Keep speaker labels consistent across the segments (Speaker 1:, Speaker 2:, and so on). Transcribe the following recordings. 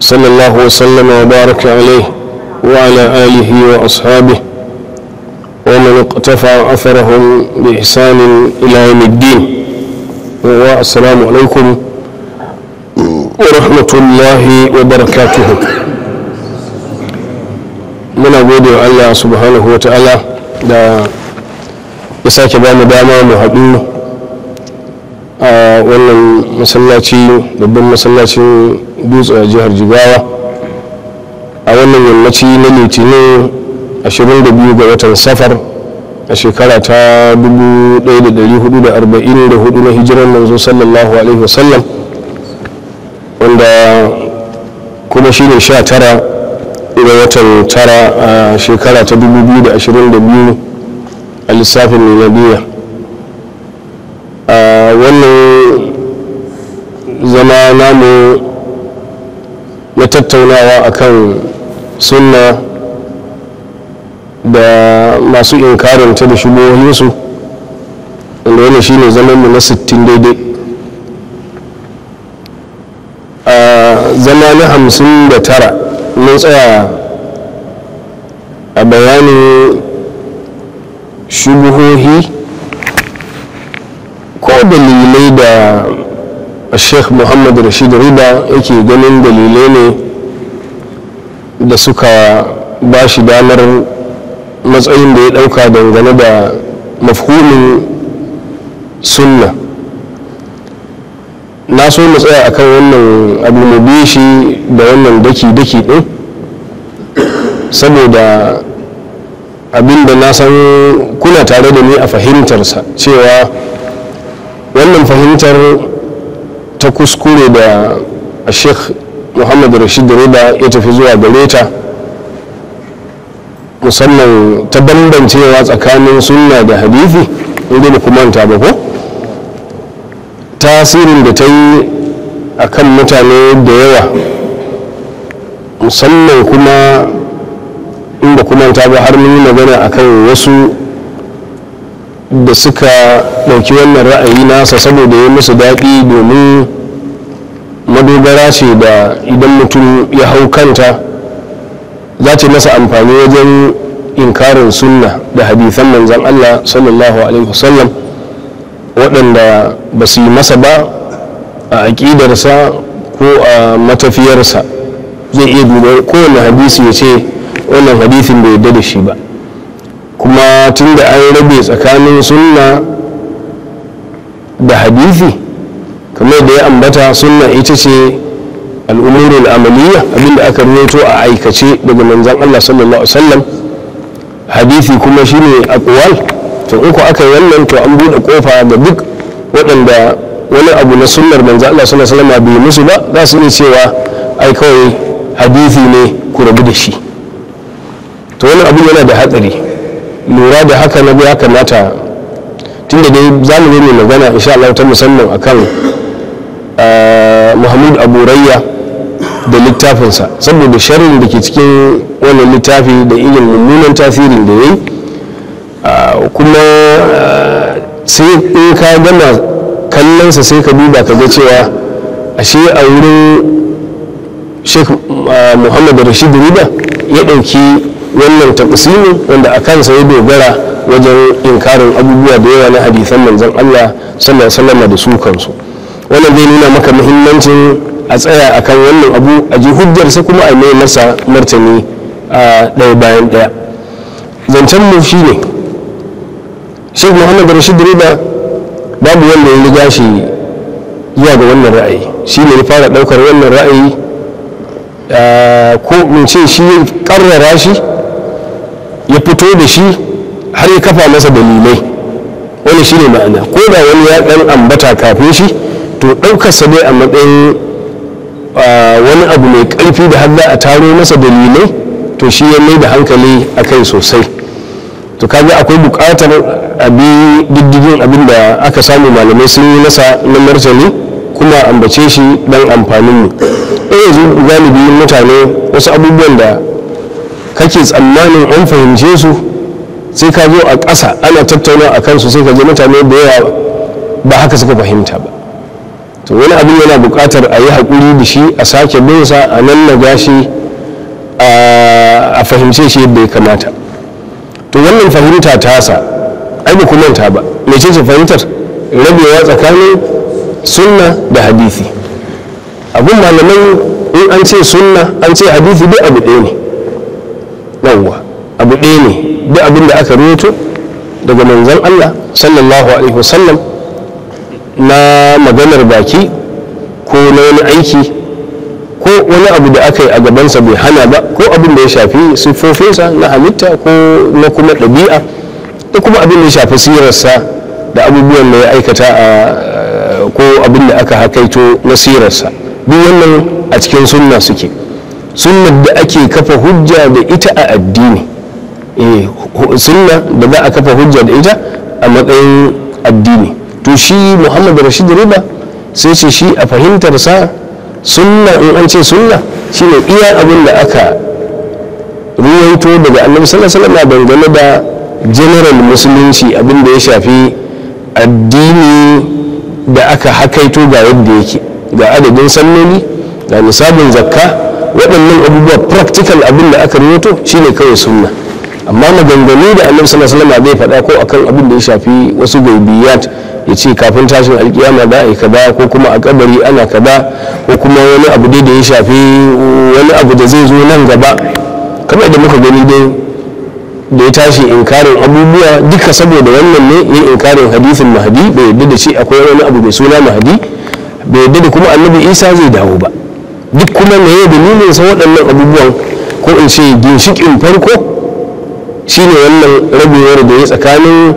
Speaker 1: صلى الله وسلم وبارك عليه وعلى آله وأصحابه ومن اقتفى أثرهم بإحسان إلى يوم الدين والسلام عليكم ورحمة الله وبركاته من أقول الله سبحانه وتعالى لا ya sake ba wannan masallaci babban masallacin dutse a jihar jigawa a wannan yammaci na litinin 22 ga watan safar a shekara ta 1444 na hijiran manzo sallallahu alaihi wasallam wanda kuma shine 19 ga watan tara a shekara ta 2022 a lissafin miladiya zama namu na tattaunawa a kan sunna da masu inkarinta da shubohinsu inda wani shi ne zamanmu na 60 daidai a zama na 59 mun tsaya a bayanin shubuhohi ko dalilai da sheikh muhammad rashid rida yake ganin dalilai ne da suka ba shi damar matsayin da ya ɗauka dangane da mafhumin sunna na so mu tsaya akan wannan abu mai shi da wannan daki-daki ɗin saboda abinda na san kuna tare da ni a fahimtarsa cewa wannan fahimtar ta kuskure da sheikh muhammad rashid rida ya tafi zuwa gare ta musamman ta bambancewa tsakanin sunna da hadithi inda da kumanta ba ko tasirin da ta yi a kan mutane da yawa musamman kuma inda kumanta ba har mun yi magana kan wasu da suka ɗauki wannan ra'ayi nasa saboda ya musu daɗi domin madogara ce da idan mutum ya hau kanta za ce masa amfani wajen inkarin sunna da hadithan manzan Allah sallallahu alaihi wasallam waɗanda ba su yi masa ba a aƙidarsa ko a matafiyarsa zai iya duba kowane hadisi ya ce wannan hadisin bai yadda da shi ba kuma tun da an rabe tsakanin sunna da hadithi kamar da ya ambata sunna ita ce al'umurul amaliya abinda aka rubuto a aikace daga manzan Allah sallallahu alaihi wasallam hadithi kuma shine aqwal to uku aka yi wannan to an bude kofa ga duk waɗanda wani abu na sunnar manzan Allah sallallahu alaihi wasallam bai musu ba za su iya cewa ai kawai hadithi ne ku rabu da shi to wani abu yana da hatsari lura da haka na ya kamata tun da dai za mu mai magana insha Allah ta musamman akan ah, Muhammad Abu Rayya da littafinsa saboda sharrin da ke cikin wannan littafi da irin mummunan tasirin da yayi ah, kuma ah, sai in ka gama kallonsa sai ka duba ka ga cewa ashe a wurin Sheikh Muhammad Rashid Riba ya ɗauki wannan taqsimi wanda a kansa ya dogara wajen inkarin abubuwa da yawa na hadisan manzon Allah sallallahu alaihi da su kansu wannan zai nuna maka muhimmancin a tsaya akan wannan abu a ji hujjar sai kuma a mai masa martani a ɗaya bayan ɗaya zancen mu shi ne shi muhammad rashid riba babu wanda ya riga shi zuwa ga wannan ra'ayi shi ne fara ɗaukar wannan ra'ayi ko mun ce shi ƙarrara shi ya fito da shi har ya kafa masa dalilai wani shi ne ma'ana ko da wani ya ɗan ambata kafin shi to ɗaukarsa dai a matsayin wani abu mai ƙarfi da har a taro masa dalilai to shi ya mai da hankali a kai sosai to kaga akwai buƙatar abi diddigin abin da aka samu malamai sun yi masa na martani kuma ambace shi dan amfanin mu yanzu galibi mutane wasu abubuwan da kake tsammanin an fahimce su sai ka zo a ƙasa ana tattauna a kansu sai ka ji mutane da yawa ba haka suka fahimta ba to wani abin yana buƙatar a yi haƙuri da shi a sake bin a nan na gashi, a fahimce shi yadda ya kamata to wannan fahimta ta sa ai ba manta ba Me ce fahimtar rabewa tsakanin sunna da hadisi abin malaman in an ce sunna an ce hadisi duk abu ɗaya ne yawwa abu ɗaya ne duk abin da aka rubuto daga manzon Allah sallallahu alaihi wasallam na maganar baki ko na wani aiki ko wani abu da aka yi a gabansa bai hana ba ko abin da ya shafi siffofinsa na halitta ko na kuma ɗabi'a da kuma abin da ya shafi sirarsa da abubuwan da ya aikata a ko abin da aka hakaito na sirarsa duk wannan a cikin sunna suke sunnar da ake kafa hujja da ita a addini Eh, sunna da za a kafa hujja da ita a matsayin addini to shi muhammad rashid riba sai ce shi a fahimtarsa sunna in an ce sunna shine iya abin da aka ruwaito daga annabi sallallahu alaihi wasallam dangane da general musulunci abin da ya shafi addini da aka hakaito ga yadda yake ga adadin salloli ga nisabin zakka waɗannan abubuwa practical abin da aka rawaito shine kawai sunna amma maganganu da annabi sallallahu alaihi wasallam bai faɗa ko akan abin da ya shafi wasu gaibiyat ya ce kafin tashin alkiyama za a yi kaza ko kuma a kabari ana kaza ko kuma wani abu da ya shafi wani abu da zai zo nan gaba kamar da muka gani dai da ya tashi inkarin abubuwa duka saboda wannan ne yin inkarin hadisin mahadi bai yadda da shi akwai wani abu mai suna mahadi bai yadda da kuma annabi isa zai dawo ba duk kuma da dalilin sa waɗannan abubuwan ko in ce ginshikin farko shine wannan rabewar da ya tsakanin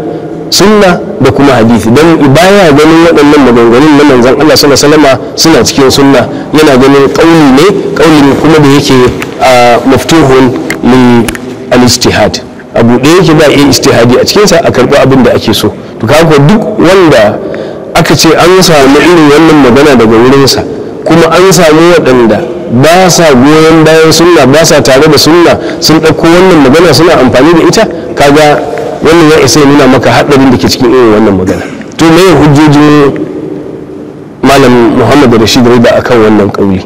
Speaker 1: sunna da kuma hadisi don baya ganin waɗannan maganganun na manzon Allah sallallahu alaihi suna cikin sunna yana ganin kauli ne kauli kuma da yake maftuhun lil al-ijtihad abu da yake ba iya istihadi a cikinsa a karɓi abin da ake so to duk wanda aka ce an samu irin wannan magana daga wurinsa kuma an samu waɗanda ba sa goyon bayan sunna ba sa tare da sunna sun ɗauko wannan magana suna amfani da ita kaga wannan ya isa ya nuna maka haɗarin da ke cikin irin wannan magana to me hujjojin malam muhammad rashid rida akan wannan ƙauli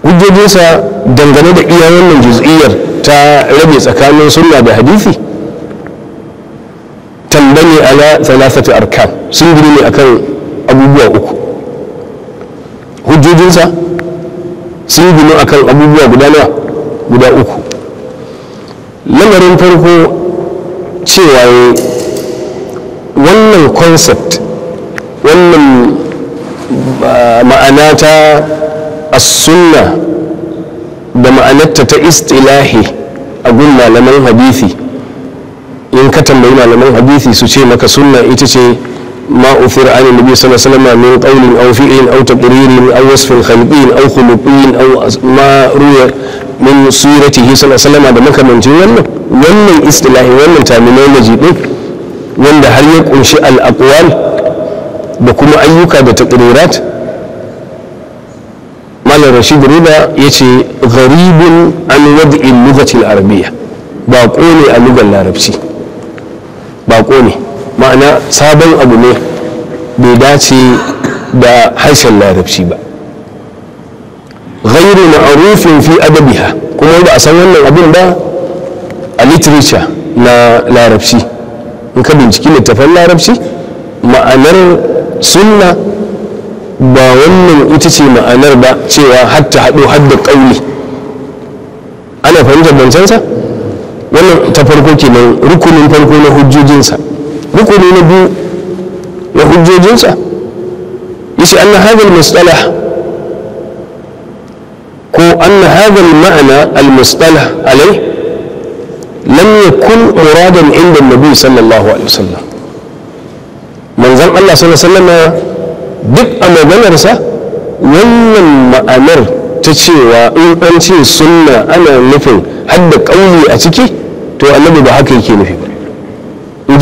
Speaker 1: hujjojinsa dangane da iya wannan juz'iyyar ta rabe tsakanin sunna da hadisi tambaye ala thalathati arkan sun gini ne akan abubuwa uku hujjojinsa sun yi gino akan abubuwa guda nawa guda uku lamarin farko cewa wannan concept wannan ma'ana ta asunna sunna da ma'anarta ta istilahi a gun malaman hadithi in ka tambayi malaman hadithi su ce maka sunna ita ce ما أثر عن النبي صلى الله عليه وسلم من قول أو فعل أو تقرير أو وصف خلقي أو خلقي أو ما روي من سورته صلى الله عليه وسلم da makamancin wannan wannan istilahi wannan terminology din wanda har ya ƙunshi al da kuma ayyuka da taqrirat malam rashid riba yace gharibun an wad'i lughati al ne a larabci baqo ne ma'ana sabon abu ne bai dace da harshen larabci ba ghairu arufin fi adabiha kuma ba a san wannan abin ba a literature na larabci in ka binciki littafan larabci ma'anar sunna ba wannan ita ce ma'anar ba cewa hatta haɗo hadda ƙauni. ana fahimtar bancansa wannan ta farko kenan rukunin farko na hujjojinsa rukuni na biyu na hujjojinsa ya yace anna hadha al-mastalah ko anna hadha al-ma'na al alai lam kun muradan inda nabi sallallahu alaihi wasallam manzon Allah sallallahu alaihi wasallam duk a maganarsa wannan ma'anar ta cewa in an ce sunna ana nufin hadda ƙauye a ciki to annabi ba haka yake nufi ba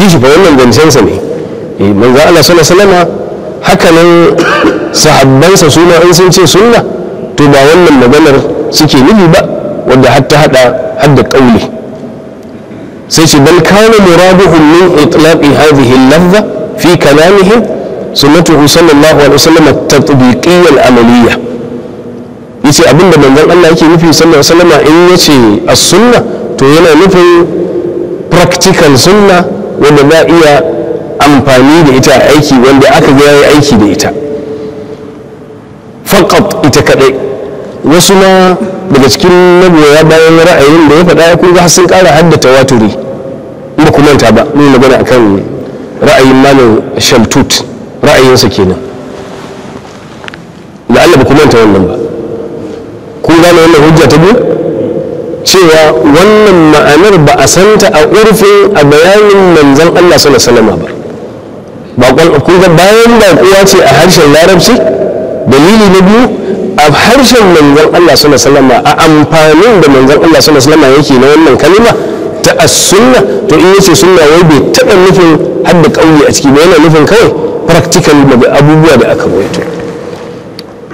Speaker 1: ji shi fa wannan zancensa ne eh, manzo Allah sallallahu alaihi wasallam haka nan sahabbansa su ma in sun ce sunna to ba wannan maganar suke nufi ba wanda har ta hada hadda kauli sai shi bal kana muraduhum min itlaqi hadhihi al-lafza fi kalamihim sunnatuhu sallallahu alaihi wasallam at-tatbiqiyya al-amaliyya yace abinda manzon Allah yake nufi sallallahu alaihi wasallam in yace as-sunna to yana nufin practical sunna wanda za a iya amfani da ita a aiki wanda aka ga yayi aiki da ita faqat ita kadai wasu na daga cikin nagoya bayan ra'ayin da ya faɗa kun ga sun ƙara haddata waturi ba ku manta ba mun magana akan ra'ayin malam shamtut ra'ayinsa kenan la'alla ba ku manta wannan ba kun gane wannan hujja ta biyu cewa wannan ma'anar ba a santa a urfin a bayanin manzan Allah sallallahu alaihi ba kun ga bayan da kuwa ce a harshen larabci dalili na biyu a harshen manzan Allah sallallahu alaihi a amfanin da manzan Allah sallallahu alaihi yake na wannan kalima ta as-sunna to in yace sunna wai bai taɓa nufin hadda ƙauye a ciki ba yana nufin kawai practical daga abubuwa da aka rawaito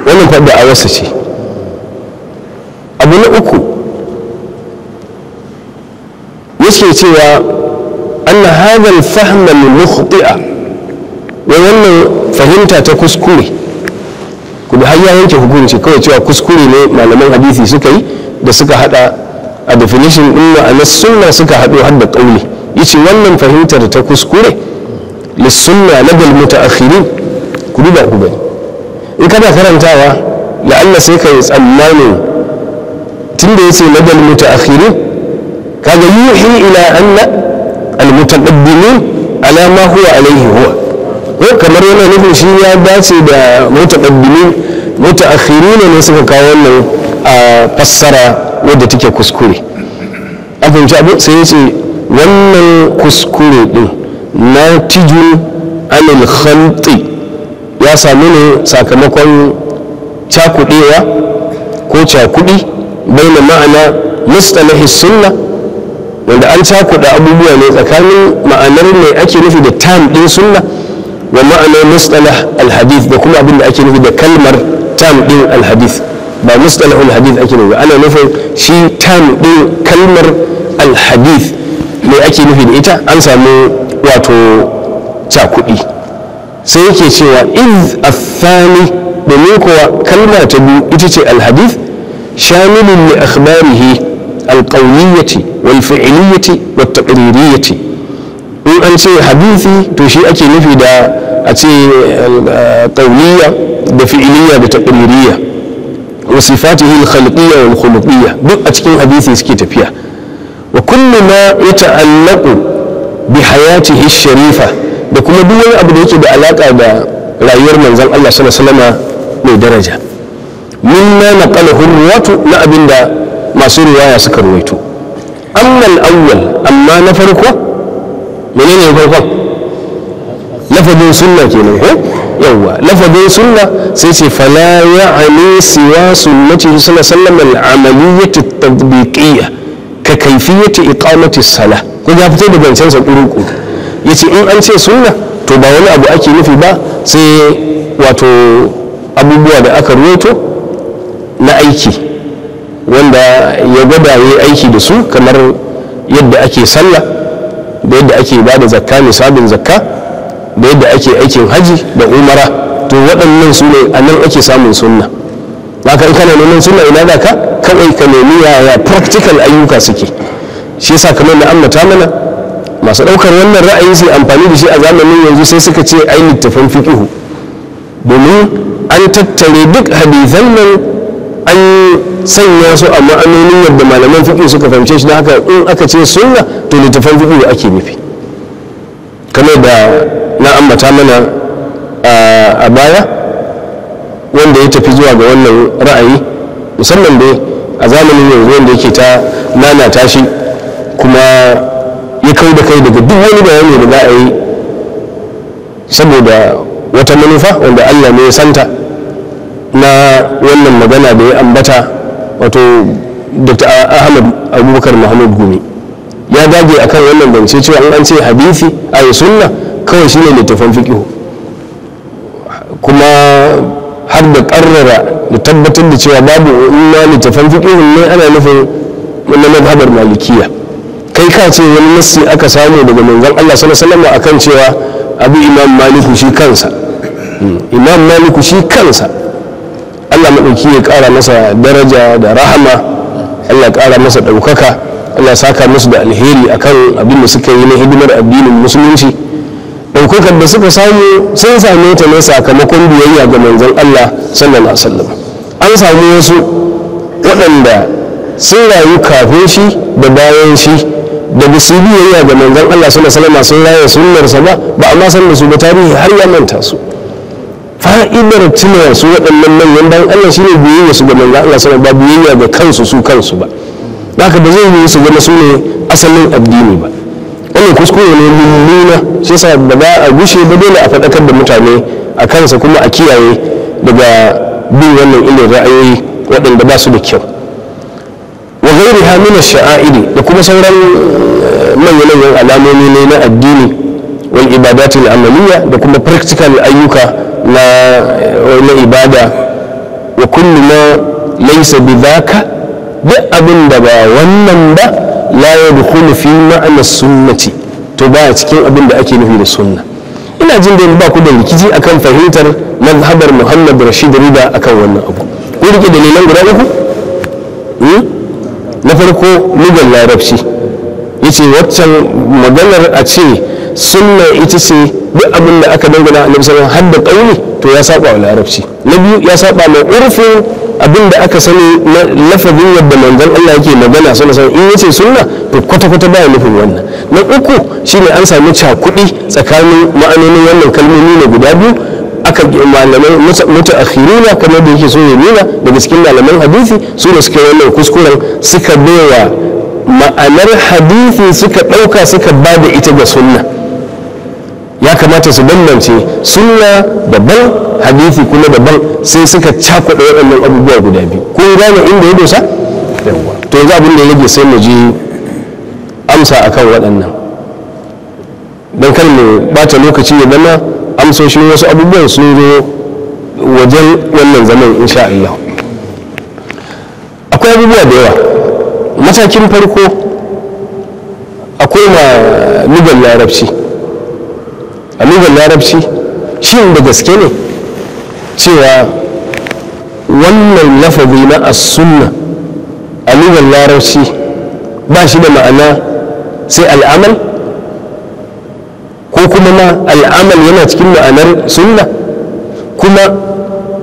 Speaker 1: wannan fa a wasa ce abu na uku yake cewa anna hadha al-fahm mukhtia wa wannan fahimta ta kuskure ku da hayya yanke hukunci kawai cewa kuskure ne malaman hadisi suka yi da suka hada a definition din ma'anar sunna suka hado har da kauli yace wannan fahimtar ta kuskure la bil mutaakhirin ku duba ku bai in kana karantawa la'alla sai kai tsammani tunda yace bil mutaakhirin ila إلى أن المتقدمين على ما هو عليه ko kamar yana nufin shi ya dace da mutaqaddimin mutaakhirina ne suka kawo wannan a fassara wanda take kuskure a fahimci abu sai ya wannan kuskure din na tijun anil khalti ya samu ne sakamakon cakudewa ko cakudi bai ma'ana mustalahi sunna wanda an cakuɗa abubuwa ne tsakanin ma'anar mai ake nufi da tam ɗin sunna wa ma'anar mustalah alhadith da kuma abin da ake nufi da kalmar tam ɗin alhadith ba mustalah alhadith ake nufi ana nufin shi tam ɗin kalmar alhadith mai ake nufi da ita an samu wato cakuɗi sai yake cewa iz athani domin kuwa kalma ta biyu ita ce alhadith shamilun li akhbarihi alƙauniyyati walfi'iliyyati wattaƙiririyyati in an ce hadithi to shi ake nufi da a ce ƙauniyya eh, da fi'iliyya da taƙiririya wa sifatihi alkhalqiyya duk a cikin hadithi suke tafiya wa kullu ma yata'allaqu bi hayatihi sharifa da kuma duk wani abu da yake da alaƙa da rayuwar manzon Allah sallallahu alaihi mai daraja na naqalahu ruwatu na abinda masu riwaya suka ruwaito ammal awwal amma na farko menene ne farkon lafazin sunna kenan eh yawwa lafazin sunna sai ce fala ya'ani siwa sunnati sallallahu alaihi wasallam al-amaliyyah at-tatbiqiyyah ka kayfiyyat iqamati as-salah ko ya fito da bancan sa kuruku yace in an ce sunna to ba wani abu ake nufi ba sai wato abubuwa da aka ruwaito na aiki wanda ya gwada ya aiki da su kamar yadda ake sallah da yadda ake ba da zakka misalin zakka da yadda ake aikin haji da umara to waɗannan su ne a nan ake samun sunna ba ka kana neman sunna ina daka? ka kawai ka nemi yaya practical ayyuka suke shi yasa kamar na amma mana masu ɗaukar wannan ra'ayi su amfani da shi a zamanin yanzu sai suka ce ai littafin fiqihu domin an tattare duk hadisan nan an sanya su a ma'anonin yadda malaman fiƙi suka fahimce shi da haka in aka ce suna to littafan fiƙi ake nufi kamar da na ambata mana a baya wanda ya tafi zuwa ga wannan ra'ayi musamman dai a zamanin yanzu wanda yake ta lalata shi kuma ya kai da kai daga duk wani bayani da za yi saboda wata manufa wanda allah ne ya santa na wannan magana da ya ambata wato dr ahmad abubakar muhammad gumi ya dage akan wannan bance cewa an an ce hadisi a sunna kawai shine littafin fiqh kuma har da karrara da tabbatar da cewa babu inna littafin fiqh ne ana nufin na madhabar malikiya kai ka ce wani nassi aka samu daga manzon Allah sallallahu alaihi wasallam akan cewa abu imam maliku shi kansa hmm. imam maliku shi kansa Allah maɗauki ya ƙara masa daraja da rahama Allah ƙara masa ɗaukaka Allah saka musu da alheri akan abin da suka yi na hidimar addinin musulunci ɗaukakar da suka samu sun same ta ne sakamakon biyayya ga manzon Allah sallallahu alaihi wasallam an samu wasu waɗanda sun rayu kafin shi da bayan shi da ba su biyayya ga manzon Allah sallallahu alaihi sun raya sunnarsa ba ba amma san da su ba tarihi har ya manta su fa'idar tunawa su waɗannan manyan dan Allah shi ne biyayya su ga manzo Allah sana ba biyayya ga kansu su kansu ba haka ba zai yi su zama su ne asalin addini ba wannan kuskure ne mummuna shi yasa ba a gushe ba dole a faɗakar da mutane a kansa kuma a kiyaye daga bin wannan ilin ra'ayoyi waɗanda ba su da kyau wa gairi hamina sha'a'iri da kuma sauran eh, manya-manyan alamomi ne na addini wal ibadatul amaliya da kuma practical ayyuka na ibada wa kullu ma laysa zaka duk abin da ba wannan ba la yadkhulu fi ma'ana sunnati to ba cikin abin da ake nufi da sunna ina jin da ba ku da rikici akan fahimtar mazhabar Muhammad Rashid Rida akan wannan abu ku rike dalilan guda uku hmm? na farko lugar larabci yace waccan maganar a ce sunna ita ce duk abin da aka dangana a sallallahu hadda har da to ya saba wa larabci na biyu ya saba mai urfin abin da aka sani na lafazin yadda manzon Allah yake magana suna sanar in yace sunna to kwata kwata baya nufin wannan na uku shine an sami cakudi tsakanin ma'anonin wannan kalmomi ne guda biyu aka ga malamai mutaakhirina kamar da yake so ya nuna daga cikin malaman hadisi su ne suka wannan kuskuren suka baiwa ma'anar hadisi suka ɗauka suka ba da ita ga sunna ya kamata su bambance sunna daban hadisi kuma daban sai suka cakuɗa waɗannan abubuwa guda biyu kun gane inda ya dosa to yanzu abin da ya rage sai mu ji amsa akan waɗannan don kar mu bata lokaci ya zama amsoshin wasu abubuwan sun zo wajen wannan zaman insha Allah akwai abubuwa da yawa matakin farko akwai na lugar larabci a larabci shin da gaske ne cewa wannan lafazi na as-sunna a larabci ba shi da ma'ana sai al'amal ko kuma ma al'amal yana cikin ma'anar sunna kuma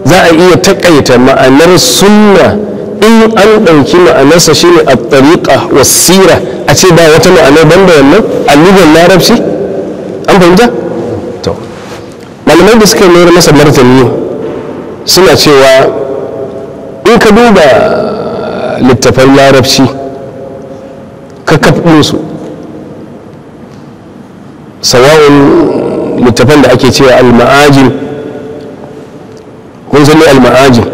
Speaker 1: za a iya takaita ma'anar sunna in an ɗauki ma'anarsa shine a tariƙa wasira a ce ba wata ma'anar banda wannan a larabci an fahimta malamai da suka yi masa martani suna cewa in ka duba ah, littafan larabci ka kafinsu sawa'un littafan da ake cewa al-ma'ajin kun zane al-ma'ajin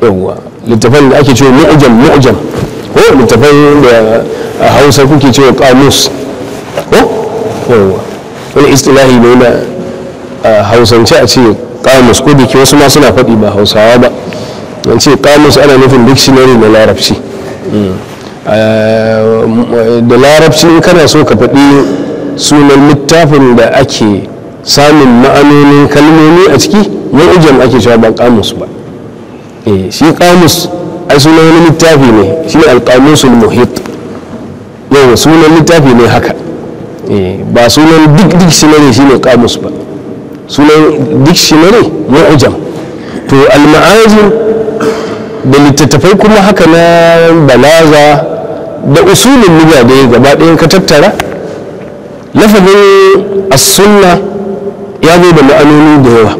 Speaker 1: yawwa littafan da ake cewa mu'ujan mu'ujan ko littafan da a hausa kuke cewa kamus ko yawwa wani istilahi ne na hausance a ce kamus ko ke wasu ma suna faɗi ba hausawa ba don ce kamus ana nufin dictionary na larabci eh, da larabci in kana so ka faɗi sunan littafin da ake samun ma'anonin kalmomi a ciki ma'ujam ake cewa ba kamus ba eh, shi kamus ai sunan wani littafi ne shi alkamusul muhit yau sunan littafi ne haka eh, ba sunan duk dictionary shi ne kamus ba sunan dictionary ujam to al-ma'azin da littattafai kuma haka na balaza da usulin lugha da gaba ɗayan ka tattara lafazin as-sunna ya zo da ma'anoni da yawa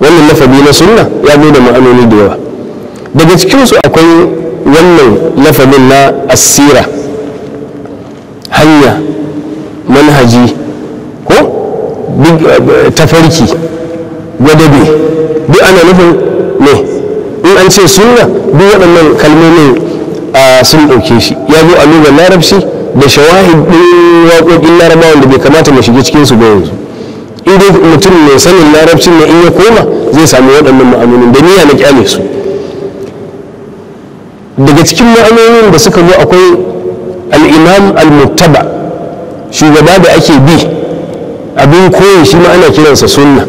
Speaker 1: wannan lafazi na sunna ya zo da ma'anoni da yawa daga cikinsu akwai wannan lafazin na asira hanya manhaji Eh, tafarki gwadabe duk ana nufin ne in an ce sunna duk waɗannan kalmomin sun ɗauke shi ya zo a nuna larabci da shawahid ɗin waƙoƙin larabawan da bai kamata mu shiga cikinsu ba yanzu in dai mutum mai sanin larabcin ne in ya koma zai samu waɗannan ma'anonin da niyya na kyale su daga cikin ma'anonin da suka zo akwai al'imam al-muttaba shugaba da ake bi abin koyi shi ma ana kiransa sunna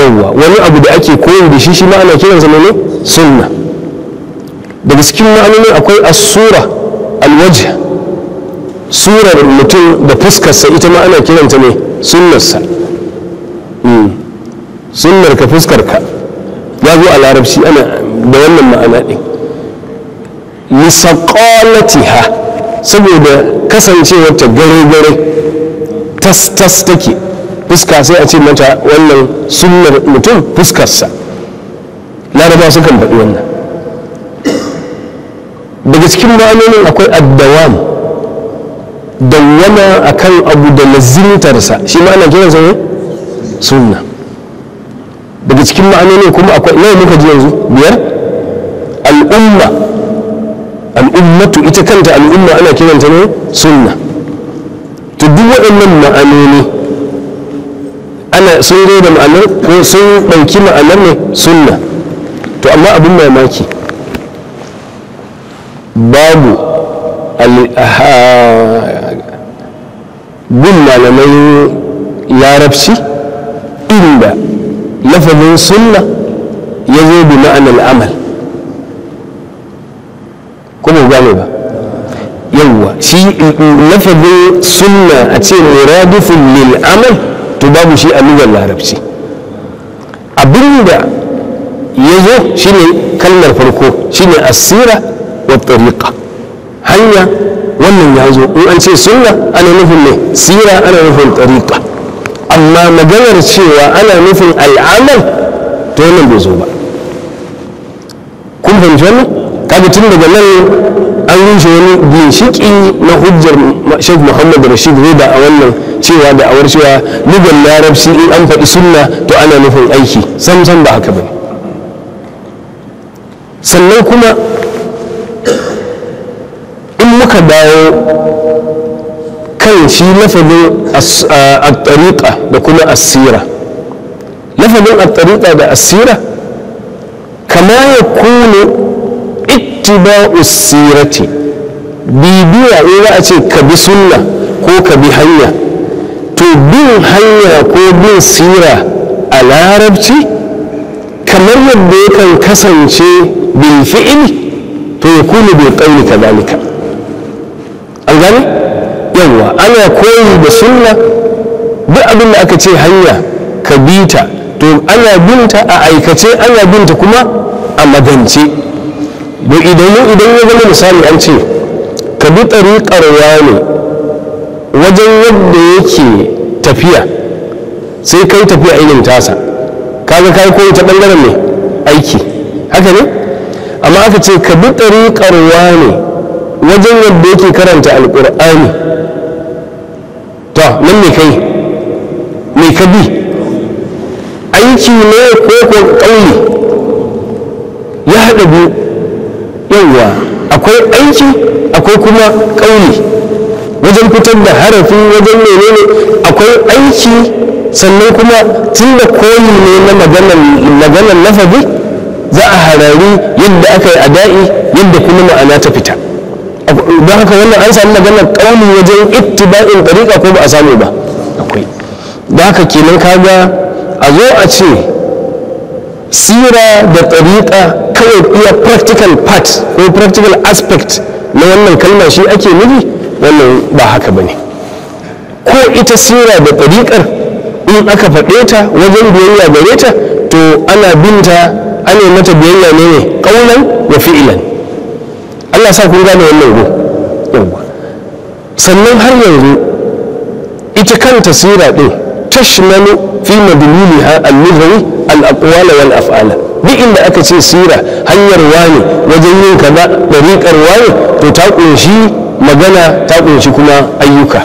Speaker 1: yawwa wani abu da ake koyi da shi shi ma ana kiransa ne sunna daga cikin ma'anonin akwai asura alwajh surar mutum da fuskarsa ita ma ana kiranta ne sunnarsa hmm. sunnar ka fuskar ka ya zo a larabci ana da wannan ma'ana ɗin lisaqalatiha saboda kasancewar ta gare-gare tas take fuska sai a ce mata wannan sunnar mutum fuskarsa laraba sukan faɗi wannan daga cikin ma'anonin akwai addawam dawwama akan abu da lazimtarsa shi ma ana kiransa ne sunna daga cikin ma'anonin kuma akwai nawa muka ji yanzu biyar al'umma al'ummatu ita kanta al'umma ana kiranta ne sunna ma'anoni ana sun zo da ma'anar ko sun ɗauki ma'anar ne sunna to amma abin mamaki babu bin malamai larabci inda lafazin sunna ya zo bi ma'anar amal kuma gane ba yawwa shi lafazin sunna a ce muradifun lil amal to babu shi a lugar larabci abinda ya zo shine kalmar farko shine asira wa tariqa hanya wannan ya zo in an ce sunna ana nufin ne sira ana nufin tariqa amma maganar cewa ana nufin al'amal to wannan bai zo ba kun fahimci wannan kaga tun daga nan an yi shi wani ginshiki na hujjar shaif muhammad rashid da a wannan cewa da awar cewa lugan larabci in an faɗi sunna to ana nufin aiki sam sam ba haka ba sannan kuma in muka dawo kan shi lafazin a tariqa da kuma asira lafazin a da asira kama ya kone. ittiba usirati bibiya in za a ce ka bi sunna ko ka bi hanya to bin hanya ko bin sira a larabci kamar yadda yakan kasance bil fi'ili to ya kuni bil ka dalika an gane yawa ana koyi da sunna duk abin da aka ce hanya ka bi ta to ana binta a aikace ana binta kuma a magance da idan idan ya zama misali an ce ka bi tsarikar ne wajen yadda yake tafiya sai kai tafiya irin tasa kaga kai koyi ta ɓangaren ne aiki haka ne amma aka ce ka bi tsarikar ne wajen yadda yake karanta alƙur'ani ta nan ne kai me ka bi aiki ne ko ko ƙauli akwai kuma ƙauni wajen fitar da harafi wajen menene akwai aiki sannan kuma tun da koli ne na maganar lafabi za a harari yadda aka yi ada'i yadda kuma ma'ana ta fita don haka wannan an sami maganar ƙauli wajen ittiba'in ɗariƙa ko ba a sami ba akwai da haka kenan kaga a zo a ce sira da ɗariƙa kawai iya practical part ko practical aspect na wannan kalma shi ake nufi wannan ba haka ba ne ko ita sira da ɗariƙar in aka faɗe ta wajen biyayya gare ta to ana binta ana mata biyayya ne ne ƙaunan wa fi'ilan Allah sa kun gane wannan go sannan har yanzu ita kanta sira ɗin tashmalu fi madluliha al-lughawi al-aqwala wal af'ala duk inda aka ce sira hanyar wani wajen yin kaza ɗariƙar wani to ta ƙunshi magana ta ƙunshi kuma ayyuka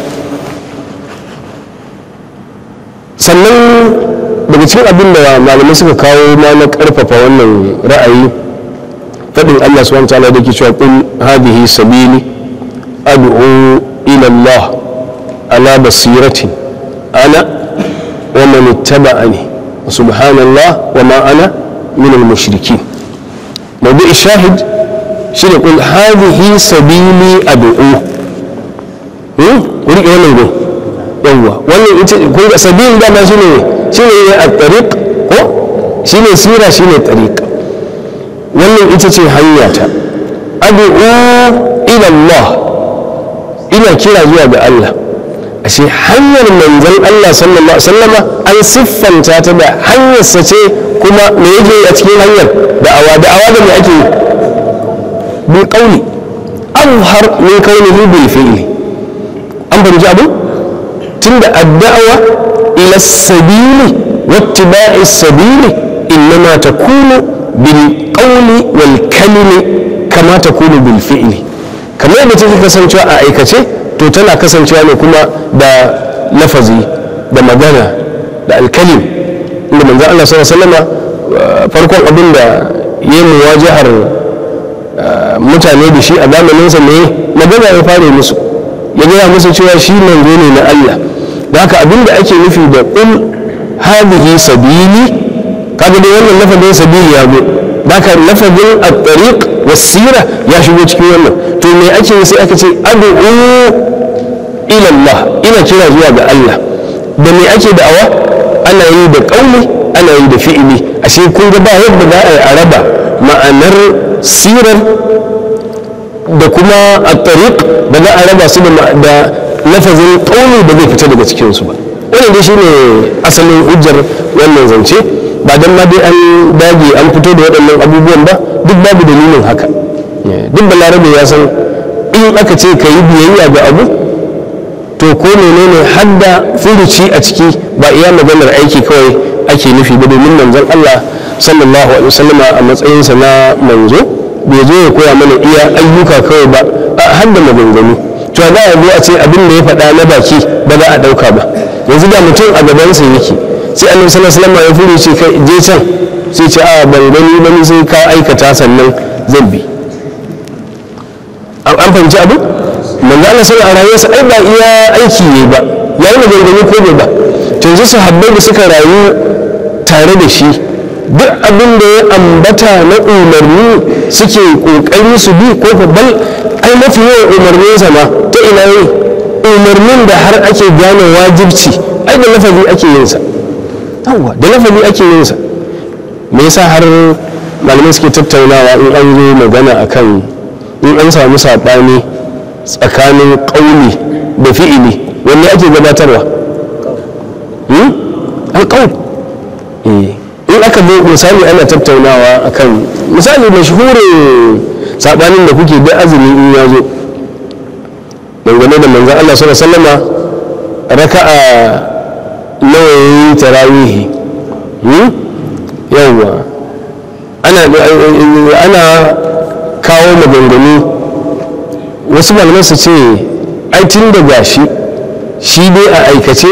Speaker 1: sannan daga cikin abin da malamai suka kawo ma na ƙarfafa wannan ra'ayi faɗin allah su wanta da ke cewa ƙun hadhihi sabili ad'u ilallah ala basiratin ana wa man ittaba'ani subhanallah wa ma ana min al-mushrikin shahid shine kul hadhihi sabili ad'u ku rike wannan go yawwa wannan ita kun ga sabilin da ma shine shine at-tariq ko shine sira shine tariq wannan ita ce hanya ta ad'u ina kira zuwa ga Allah ashe hanyar manzon Allah sallallahu an siffanta ta da hanyarsa ce kuma me yake a cikin hanyar da'awa da'awa da me ake bi kauli har min kaunihi bil fi'li an bari abu tunda ad-da'wa ila as-sabili wattiba'i as-sabili innama takunu bil qawli wal kalimi kama takunu bil fi'li kamar yadda take kasancewa a aikace to tana kasancewa ne kuma da lafazi da magana da alkalim da manzo Allah sallallahu alaihi uh, farkon abin da yayi jihar uh, mutane da shi a zamaninsa ne magana ya fare musu ya gaya musu cewa shi manzo ne na Allah da haka abin da ake nufi da qul hadhihi sabili kaga da wannan lafazin sabili ya zo da haka lafazin at-tariq was ya shigo cikin wannan to me ake sai aka ce ad'u ila ina kira zuwa ga Allah da me ake da'awa ana yi da ƙauni ana yi da fi'ili ashe kun ga ba yadda za a yi a raba ma'anar sirar da kuma a tariq ba za a raba su da lafazin ƙauni ba zai fita daga cikinsu ba wannan dai shine asalin hujjar wannan zance ba don ma dai an dage an fito da waɗannan abubuwan ba duk babu dalilin haka eh, duk balarabe ya san in aka ce ka yi biyayya ga abu to ko menene hadda furuci a ciki ba iya maganar aiki kawai ake nufi ba domin manzon Allah sallallahu alaihi wasallama a matsayinsa na manzo bai zo ya koya mana iya ayyuka kawai ba a hadda maganganu to za a zo a ce abin da ya faɗa na baki ba za a ɗauka ba yanzu da mutum a gaban sa yake sai annabi sallallahu alaihi wasallama ya furuci kai je can sai ce a ban gani ba sai ka aikata sannan zan bi an fahimci abin manzo Allah sai a rayuwarsa ai ba iya aiki ne ba yayi maganganu ko ba to yanzu sahabbai da suka rayu tare da shi duk abin da ya ambata na umarni suke kokari su bi ko fa bal ai mafi yawan umarninsa ma ta ina yi? umarnin da har ake gane wajibci ai da lafazi ake yin sa yawwa da lafazi ake yin sa me yasa har malamai suke tattaunawa in an zo magana akan in an samu saɓani tsakanin ƙauni da fi'ili wanne ake gabatarwa hmm? alƙaun eh, in aka bi misali ana tattaunawa akan misali mashhurin saɓanin da kuke da azumi in ya zo dangane da manzan Allah su da sallama raka'a nawa yayi tarawihi hmm? yawwa ana ana kawo maganganu wasu malamai su ce ai tun da gashi shi dai a aikace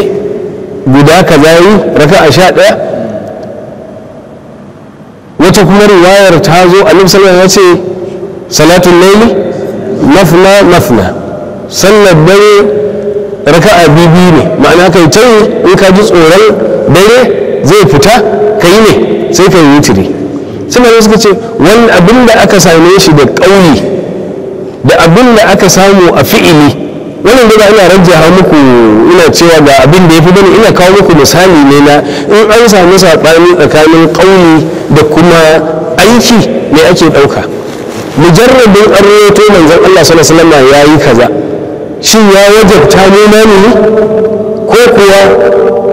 Speaker 1: guda ka yi raka a sha ɗaya wata kuma riwayar ta zo a sallallahu ya ce salatun laili mafna mafna sallar dare raka a bibi ne ma'ana kai yi yi in ka ji tsoron dare zai fita ka yi ne sai ka yi witiri suna suka ce wani abin da aka same shi da ƙauye da abin da aka samu a fi'ili wannan gaba ina rajjaha muku ina cewa ga abin da ya fi bane ina kawo muku misali ne na in an samu saɓani tsakanin ƙauni da kuma aiki ne ake ɗauka mujarrabin an rawaito manzon Allah sallallahu alaihi wasallam ya yi kaza shin ya wajabta ne na ne ko kuwa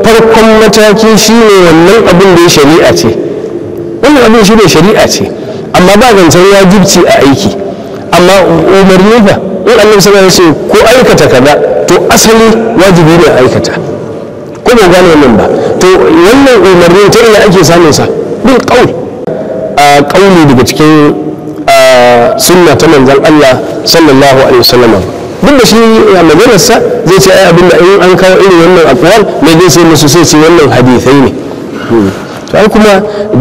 Speaker 1: farkon mataki shine wannan abin da ya shari'a ce wannan abin shi ne shari'a ce amma ba zancen wajibci a aiki amma umarni fa in annabi sallallahu alaihi wasallam ko aikata kaza to asali wajibi ne aikata ko ba gane wannan ba to wannan umarni ta ina ake samun sa bin qaul a qauli daga cikin sunna ta manzon Allah sallallahu alaihi wasallam duk da shi a maganarsa zai ce ai abinda da in an kawo irin wannan akwal me zai sai musu sai ce wannan hadisai ne hmm. to ai kuma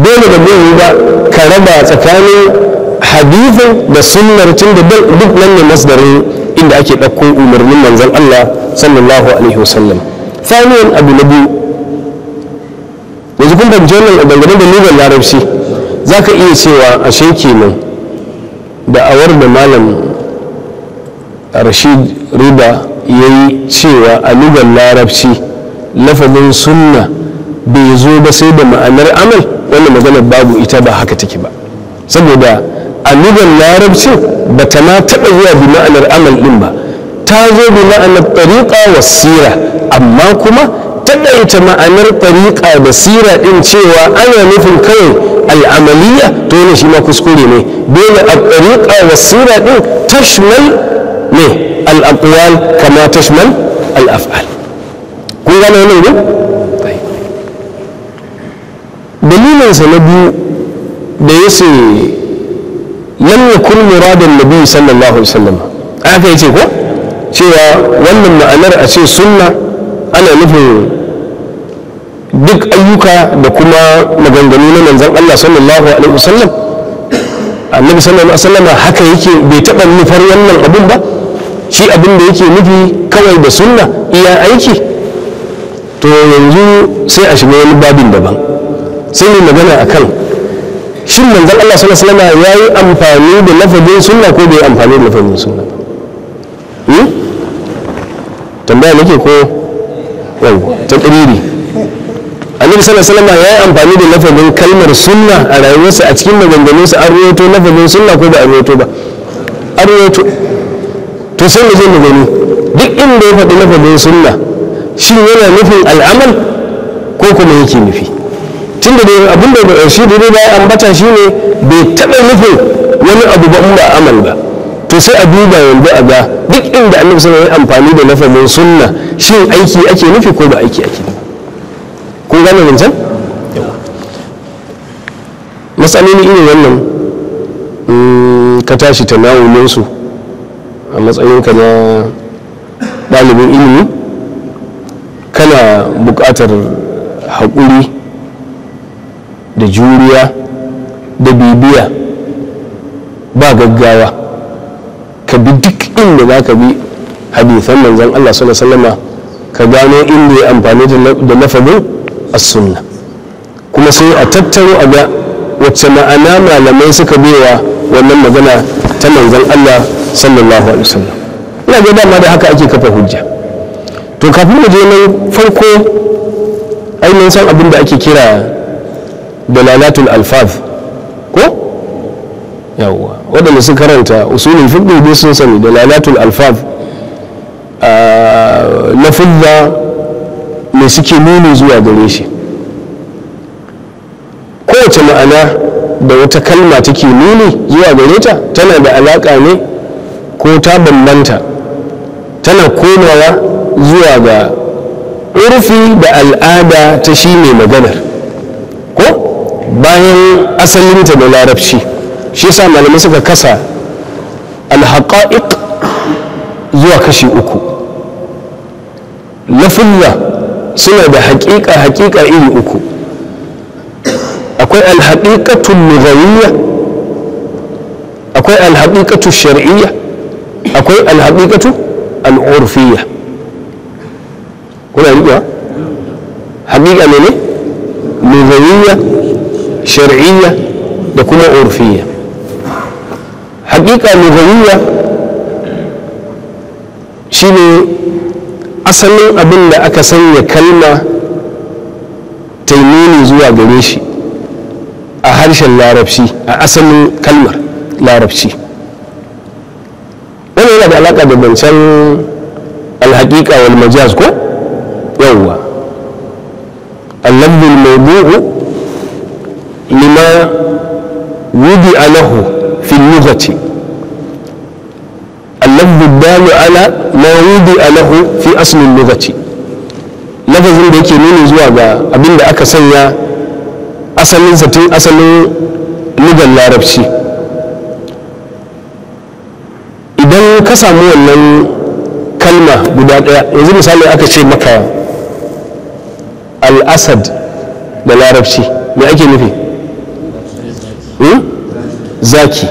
Speaker 1: dole da bai ba ka raba tsakanin hadithin da sunnar tun da duk nan ne masdarin inda ake ɗauko umarnin manzon Allah sallallahu alaihi wasallam thaniyan abu na biyu yanzu kun fahimci nan a dangane da lugar larabci za ka iya cewa a ashe nan da awar da malam rashid riba ya yi cewa a lugar larabci lafazin sunna bai zo ba sai da ma'anar amal wannan maganar babu ita ba haka take ba saboda a lugar larabci ba ta ma taɓa zuwa bi ma'anar amal ɗin ba ta zo bi ma'anar ɗariƙa wa sira amma kuma taɗaita ma'anar ɗariƙa da sira ɗin cewa ana nufin kawai al'amaliya to ne shi ma kuskure ne dole a ɗariƙa wa sira ɗin tashmal ne al'aƙwal kama tashmal al'af'al kun gane wannan ne dalilinsa na biyu da ya lam yakun muradan nabi sallallahu alaihi wasallam aka yace ko cewa wannan ma'anar a ce sunna ana nufin duk ayyuka da kuma maganganu na manzon Allah sallallahu alaihi wasallam annabi sallallahu alaihi wasallam haka yake bai taɓa nufar wannan abun ba shi abin da yake nufi kawai da sunna iya aiki to yanzu sai a shiga wani babin daban sai ne magana akan shin manzon Allah sallallahu alaihi wasallam yayi amfani da lafazin sunna ko bai amfani da lafazin sunna hmm? tambaya nake ko yau ta kiriri annabi sallallahu alaihi wasallam yayi amfani da lafazin kalmar sunna a rayuwarsa a cikin maganganunsa an rawaito lafazin sunna ko ba a ba an rawaito to sai mu je mu gani duk inda ya faɗi lafazin sunna shin yana nufin al'amal ko kuma yake nufi tun da abin da shi da dai ambata shi ne bai taɓa nufin wani abu ba ba amal ba to sai a duba yanzu a ga duk inda annabi suna yi amfani da lafazin sunna shin aiki ake nufi ko ba aiki ake kun gane zancen matsaloli irin wannan mm, ka tashi ta su a matsayinka na ɗalibin ilimi kana buƙatar haƙuri da juriya da bibiya ba gaggawa ka bi duk inda za ka bi hadisan manzan Allah sallallahu ka gano inda ya amfani da lafazin a sunna kuma sai a tattaro a ga wacce ma'ana malamai suka biyawa wannan magana ta manzan Allah sallallahu alaihi wasallam ina ga dama da haka ake kafa hujja to kafin mu je nan farko ai san abin da ake kira dalalatul alfaz ko yawwa waɗanda su karanta usulin fiqh dai sun sani dalalatul alfaz ah, na fudda mai suke nuni zuwa gare shi kowace ma'ana da wata kalma take nuni zuwa gare ta tana da alaƙa ne ko ta bambanta tana komawa zuwa ga urfi da al'ada ta shi mai maganar bayan asalinta da larabci shi yasa malamai suka kasa alhaqa'iq zuwa kashi uku lafuzza suna da haƙiƙa haƙiƙa iri uku akwai alhaƙiƙatun lughawiyya akwai alhaƙiƙatu shar'iyya akwai alhaƙiƙatu al'urfiyya kuna riƙewa haƙiƙa ne ne lughawiyya shar'iyya da kuma urfiyya haƙiƙa lugawiyya shine asalin abin da aka sanya kalma taimini zuwa gare shi a harshen larabci a asalin kalmar larabci wani yana da alaƙa da bancan alhaƙiƙa wal majaz ko yawwa allabdul mawdu'u ma wudi alahu fi lughati allafzu dalu ala ma wudi alahu fi aslin lughati lafazin da yake nuni zuwa ga abin da aka sanya asalin tun asalin lugar larabci idan ka samu wannan kalma guda ɗaya yanzu misali aka ce maka al-asad da larabci me ake nufi zaki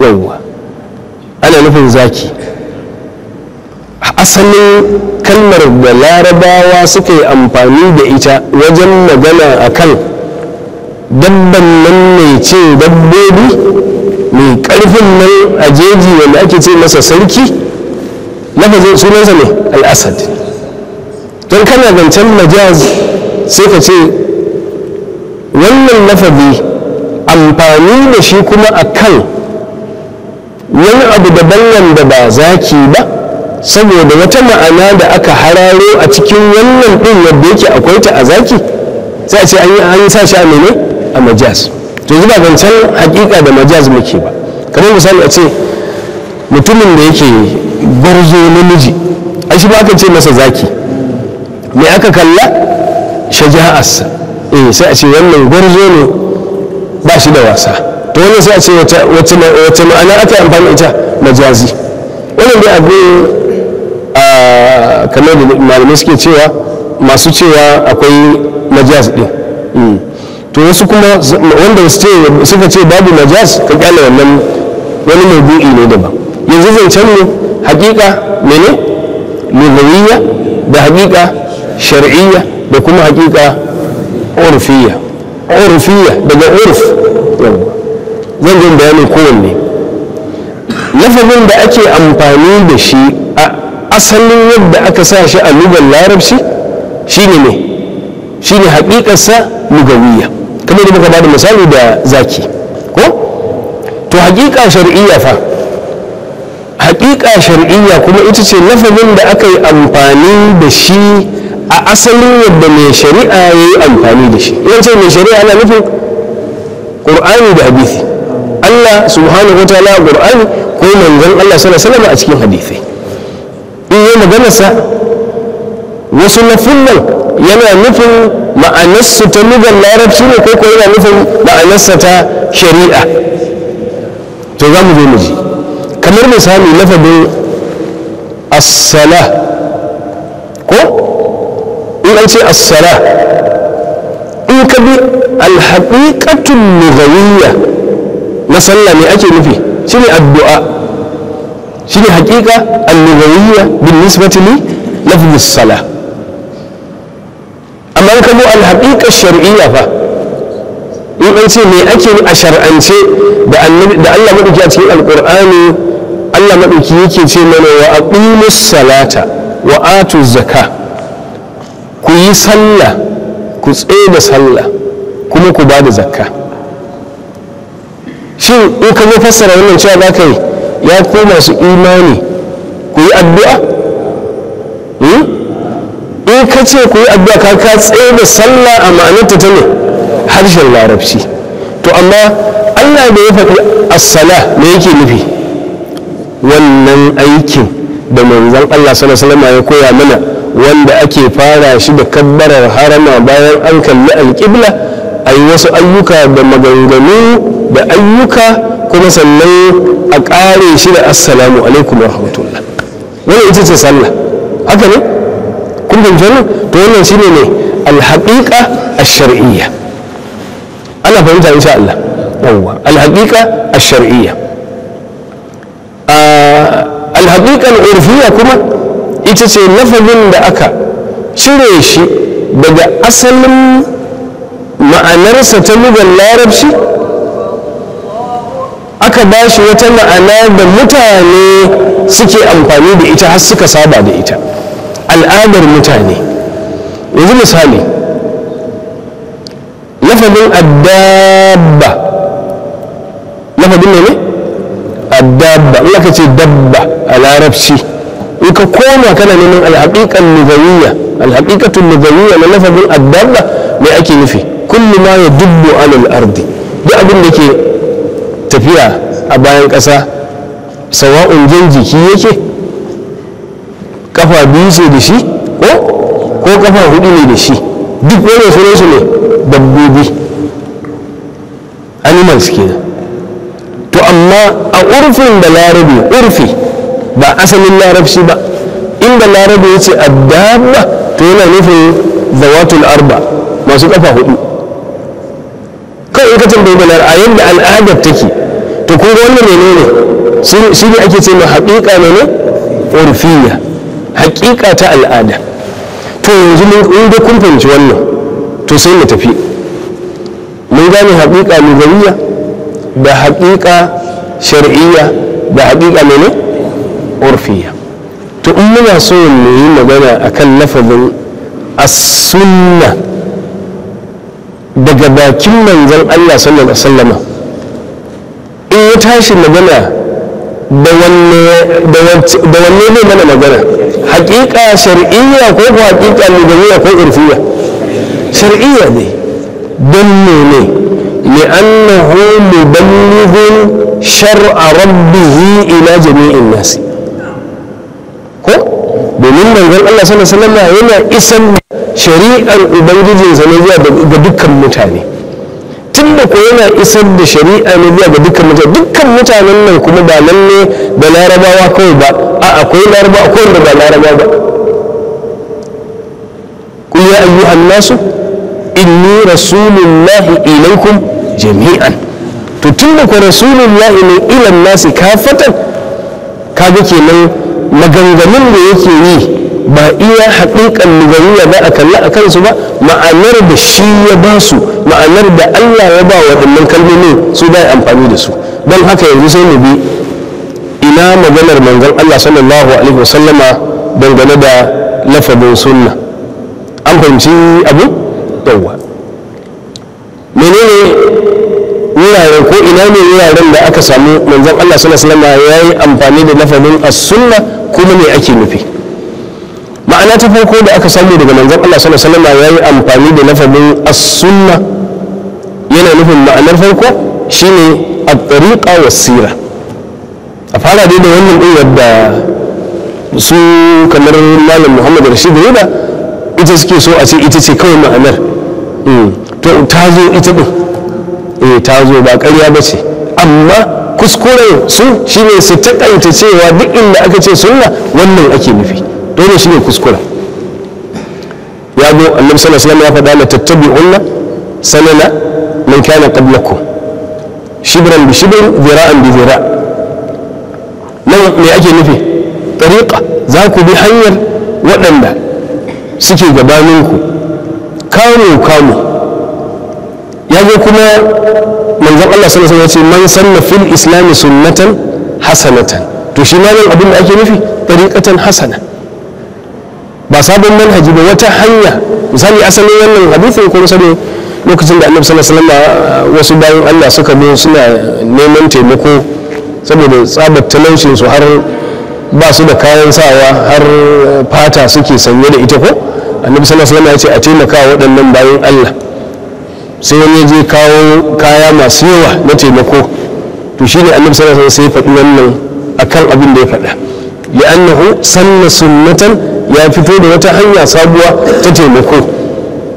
Speaker 1: yawwa ana nufin zaki asalin kalmar da larabawa suka yi amfani da ita wajen magana a kan dabban nan mai ce dabbobi mai ƙarfin nan a jeji wanda ake ce masa sarki lafazin sunansa ne al'asad don kana zancen majaz sai ka ce wannan lafazi amfani da shi kuma a kan wani abu daban da ba zaki ba saboda wata ma'ana da aka hararo a cikin wannan ɗin yadda yake akwai ta a zaki sai a ce an yi sa shi a mene a majas to zuba ban can hakika da majas muke ba kamar misali a ce mutumin da yake gwarzo namiji a shi ba aka ce masa zaki me aka kalla shaja'arsa eh sai a ce wannan gwarzo ne ba shi da wasa to wani sai a ce wace ma'ana aka yi amfani ita majazi wani dai abu kamar da malamai suke cewa masu cewa akwai majazi ɗin hmm. to wasu kuma wanda suka ce babu majaz ka kyale wannan wani mai bu'i ne daban yanzu can mu hakika mene lugawiyya da hakika shar'iyya da kuma hakika urfiyya urfiya daga urf zan jin bayanin kowanne lafazin da ake amfani da shi a asalin yadda aka sa shi a lugar larabci shi ne ne shi shine haƙiƙarsa lugawiya kamar da muka bada misali da zaki ko to haƙiƙa shar'iyya fa haƙiƙa shar'iyya kuma ita ce lafazin da aka yi amfani da shi a asalin yadda mai shari'a ya yi amfani da shi yin ce mai shari'a na nufin ƙur'ani da hadithi allah subhanahu wa ta'ala ƙur'ani ko manzon allah sallallahu a cikin Hadithi? in yi maganarsa wasu nan yana nufin ma'anarsa ta lugar larabci ne ko yana nufin ma'anarsa ta shari'a to za mu zo mu ji kamar misali lafadin as-sala ko in an ce as-sala in ka bi al-haqiqatul na sallah ne ake nufi shine addu'a shine haqiqa al-lughawiyya bin nisbati li lafz as-sala amma in ka bi al-haqiqa shar'iyya fa in an ce me ake a shar'ance da annabi da Allah madauki a cikin alqur'ani Allah madauki yake ce mana wa aqimus salata wa atuz zakah yi sallah ku da sallah kuma ku ba da zakka shin in ka fassara wannan cewa za ka yi ya koma su imani ku yi addu'a hmm? in ka ce ku yi addu'a ka ka da sallah a ma'anarta ta ne harshen larabci to amma allah da ya faɗi asala ne yake nufi wannan aikin da manzan allah sallallahu alaihi wasallam ya koya mana wanda ake fara shi da kabbarar harama bayan an kalli alƙibla a yi wasu ayyuka da maganganu da ayyuka kuma sannan a ƙare shi da assalamu alaikum rahmatullah wani ita ce sallah haka ne kun fahimci wannan to wannan shine ne alhaqiqa ash-shar'iyya ana fahimta insha Allah yawwa alhaqiqa ash-shar'iyya alhaqiqa al-urfiyya kuma ita ce lafazin da aka cire shi daga asalin ma'anarsa ta lugar larabci aka ba shi wata ma'ana da mutane suke amfani da ita har suka saba da ita al'adar mutane yanzu misali lafazin addabba lafazin ne ne addabba in aka ce dabba a larabci in ka koma kana neman alhaqiqan lugawiyya alhaƙiƙatun lugawiyya na lafafin addarra mai ake nufi kullu ma ya dubbo alal ardi duk abin da ke tafiya a bayan ƙasa sawa'un jan jiki yake kafa biyu ce da shi ko ko kafa hudu ne da shi duk wani sunan su ne dabbobi animals kenan to amma a urfin da larabi urfi ba asalin larabci ba inda larabu ya ce addabba to yana nufin zawatul arba masu kafa hudu kawai ka tambayi balar a yadda al'adar take to kun ga wannan ne shi ne ake ce ma haƙiƙa ne orfiya haƙiƙa ta al'ada to yanzu mun ga kun fahimci wannan to sai mu tafi mun gane haƙiƙa lugariya da haƙiƙa shar'iyya da haƙiƙa ne urfiya to in muna so mu yi magana akan lafazin as-sunna daga bakin manzon Allah sallallahu alaihi wasallama in ya tashi magana da wanne da mana magana hakika shar'iyya ko ko hakika da ko urfiya shar'iyya ne don mene li'annahu muballighun shar'a rabbihi ila jami'in nasi domin manzon Allah sallallahu alaihi wasallam yana isan shari'ar ubangijin sa zuwa ga dukkan mutane da ko yana isar da shari'a na biya ga dukkan mutane dukkan mutanen nan kuma ba lalle da larabawa kawai ba a akwai larabawa akwai wanda ba larabawa ba qul ya ayyuhan nasu inni rasulullahi ilaikum jami'an to tun da ko rasulullahi ne ilan nasi kafatan kaga kenan maganganun da yake yi ba iya haƙiƙan lugariya ba a kalla a kansu ba ma'anar da shi ya ba su ma'anar da allah ya ba waɗannan kalmomin su da amfani da su don haka yanzu sai mu bi ina maganar manzon allah sallallahu alaihi wasallama dangane da lafabin sunna an fahimci abu yawwa menene wuraren ko ina ne wuraren da aka samu manzon allah sallallahu alaihi wasallama ya yi amfani da lafabin as-sunna kuma me ake nufi ma'ana ta farko da aka samu daga manzan Allah sallallahu alaihi wasallam yayi amfani da lafazin as-sunna yana nufin ma'anar farko shine at-tariqa was-sira a fara dai da wannan din yadda su kamar malam Muhammad Rashid Rida ita suke so a ce ita ce kawai ma'anar mm. to ta zo ita din eh ta zo ba ƙarya ba ce amma kuskuren su shine su takaita cewa duk inda aka ce sunna wannan ake nufi dole shine kuskura ya zo annabi sallallahu alaihi ya faɗa la tattabi'unna sanana man kana qablakum shibran bi shibrin zira'an bi zira' nan me ake nufi tariqa za ku bi hanyar waɗanda suke gabaninku kamu kamu ya zo kuma manzon Allah sallallahu alaihi ce man sanna fil islam sunnatan hasanatan to shi ma abin da ake nufi tariqatan hasana ba sabon manhaji ba wata hanya misali asalin wannan hadisin ko misali lokacin da annabi sallallahu alaihi wasallam wasu bayan Allah suka bi suna neman taimako saboda tsabar talaucin su har ba su da kayan sawa har fata suke sanye da ita ko annabi sallallahu alaihi wasallam ya ce a taimaka waɗannan bayan Allah sai wani je kawo kaya masu yawa na taimako to shi ne annabi sallallahu alaihi wasallam sai faɗi wannan akan abin da ya faɗa li'annahu sanna sunnatan ya fito da wata hanya sabuwa ta taimako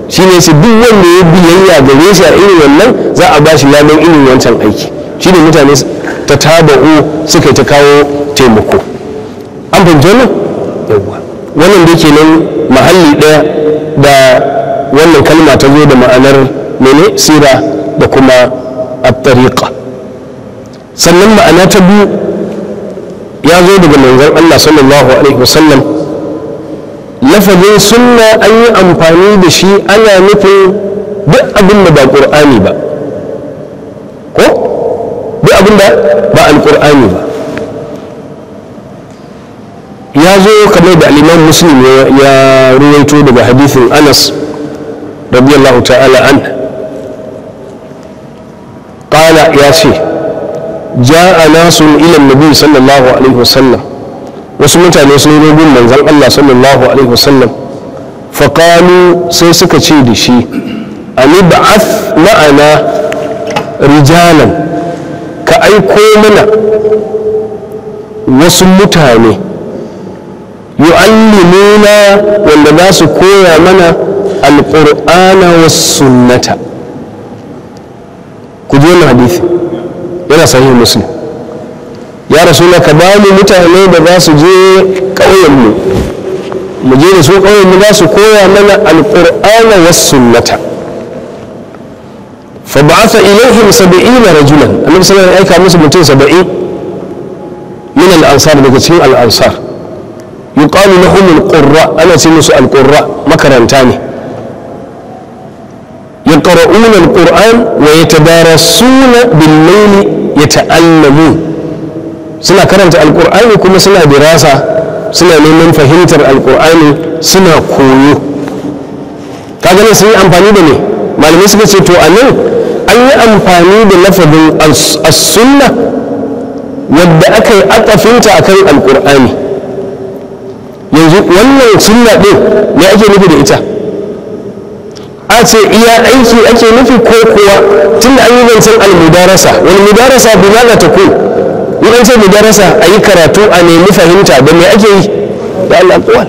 Speaker 1: Shi ne sai duk wanda ya biyayya gare shi a irin wannan za a bashi ladan irin wancan aiki Shi ne mutane ta taba'u suka ta kawo taimako an fahimci wannan yawwa wannan da ke nan mahalli ɗaya da wannan kalma ta zo da ma'anar mene sira da kuma at sannan ma'ana ta biyu ya zo daga manzon Allah sallallahu alaihi wasallam lafazin suna an yi amfani da shi ana nufin duk abin da ba qur'ani ba ko duk abin da ba alqur'ani ba ya zo kamar da aliman muslim ya ruwaito daga hadithin anas radiyallahu ta'ala an ya ce ja'a nasun ilan nabi sallallahu alaihi wasallam wasu mutane sun zo bin manzon Allah sallallahu alaihi wasallam faqalu sai suka ce da shi ani ba'ath ma'ana rijalan ka aiko mana wasu mutane yu'allimuna wanda za su koya mana alqur'ana was sunnata ku ji wannan hadisi yana sahih muslim ya rasu rasulullah ka ba mu mutane da za su je ƙauyen mu mu je da su ƙauyen mu za su koya mana alqur'ana was sunnata fa ba'atha ilayhim 70 rajulan annabi sallallahu alaihi aika musu mutum 70 min al daga cikin al'ansar. ansar yuqalu lahum al-qurra ana ce musu al-qurra makaranta ne يقرؤون القرآن ويتدارسون بالليل يتعلمون سنة كرمت القرآن suna سنة دراسة سنة من فهمت القرآن سنة كويو كذا سنة أمفاني بني malamai suka ce to anan an yi amfani da lafazin a sunna wadda aka yi akafinta a kan alƙur'ani yanzu wannan sunna ɗin me ake nufi da ita a ce iya aiki ake nufi ko kuwa tun da an yi zancen almudarasa wani mudarasa bi ma ta ku yi an ce mudarasa a yi karatu a nemi fahimta da me ake yi da al'aƙwal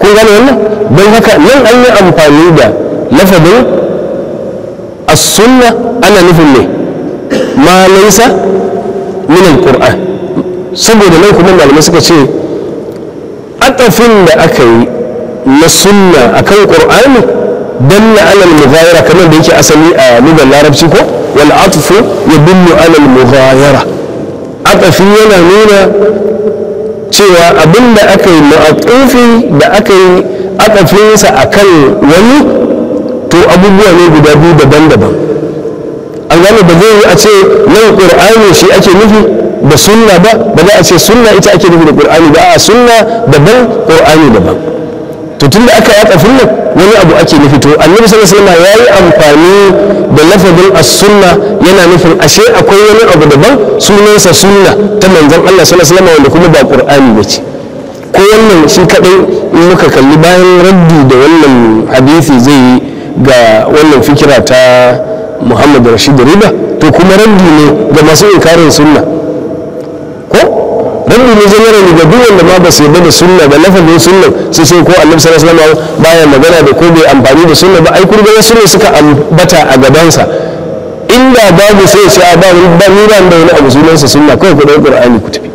Speaker 1: kun gane wannan don haka nan an yi amfani da lafadin a sunna ana nufin ne ma laisa min al-qur'an saboda nan kuma malamai suka ce atafin da aka yi na sunna akan qur'ani dalla ala al-mughayara kamar da yake asali a lugar larabci ko wal atfu yadullu ala al-mughayara atafi yana nuna cewa abinda aka yi mu'atufi da aka yi atafinsa kan wani to abubuwa ne guda biyu daban-daban an gane ba zai yi a ce nan ƙur'ani shi ake nufi da sunna ba ba za a ce sunna ita ake nufi da ƙur'ani. ba a sunna daban ƙur'ani daban to tun da aka yaka sunna wani abu ake nufi to annabi sallallahu alaihi wasallam yayi amfani da lafazin as-sunna yana nufin ashe akwai wani abu daban sunansa sunna ta manzon Allah sallallahu alaihi wasallam wanda kuma ba qur'ani bace ko wannan shi kadai in muka kalli bayan raddi da wannan hadisi zai yi ga wannan fikira ta Muhammad Rashid Riba to kuma raddi ne ga masu inkarin sunna dan ne zai rani ga duk wanda ba su yarda da sunna da lafazin sunna sai sai ko annabi sallallahu alaihi wasallam baya magana da ko bai amfani da sunna ba ai kurga wasu ne suka ambata a gabansa inda babu sai sai a ba ni ba ni ban da wani abu sunansa sunna kawai ku da qur'ani ku tafi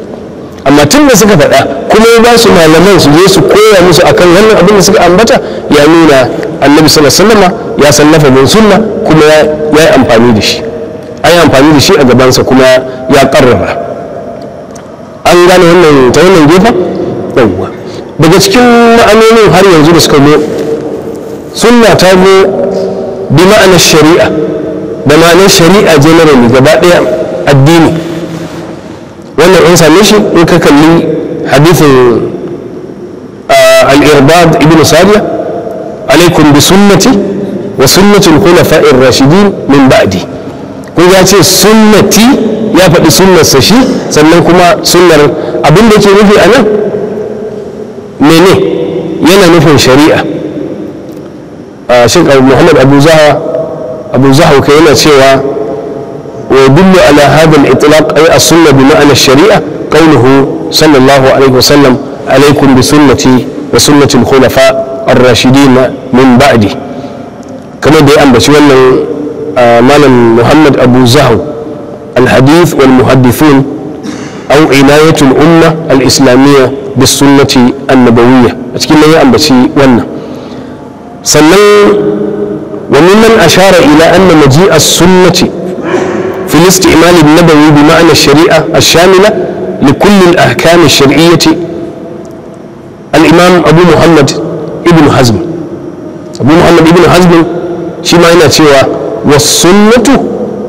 Speaker 1: amma tun da suka faɗa kuma ba su malaman su je su koya musu akan wannan abin da suka ambata ya nuna annabi sallallahu alaihi wasallam ya san lafazin sunna kuma ya yi amfani da shi ai amfani da shi a gabansa kuma ya karrara an gane wannan ta wannan gefen yawwa daga cikin ma'anonin har yanzu da suka zo sunna ta zo bi ma'anar shari'a da ma'anar shari'a generally gaba ɗaya addini wannan an same shi in ka kalli hadithin ah, al-irbad ibn sariya alaikum bi sunnati wa sunnatul khulafa'ir rashidin min ba'di kun ya ce sunnati ya faɗi sunnarsa shi sannan kuma sunnar abinda da yake nufi a nan mene yana nufin shari'a shin abu muhammad abu zahawa abu zahawa ka yana cewa wa yadullu ala hadha al-itlaq ay as-sunnah bi ma'ana ash-shari'a qawluhu sallallahu alaihi sallam. alaikum bi sunnati wa sunnati al-khulafa ar-rashidin min ba'di kamar da ya ambaci wannan malam muhammad abu zahawa الحديث والمحدثون أو عناية الأمة الإسلامية بالسنة النبوية أتكلم يا أمبتي وانا سنن وممن أشار إلى أن مجيء السنة في الاستعمال النبوي بمعنى الشريعة الشاملة لكل الأحكام الشرعية الإمام أبو محمد ابن حزم أبو محمد ابن حزم شما هنا سوى والسنة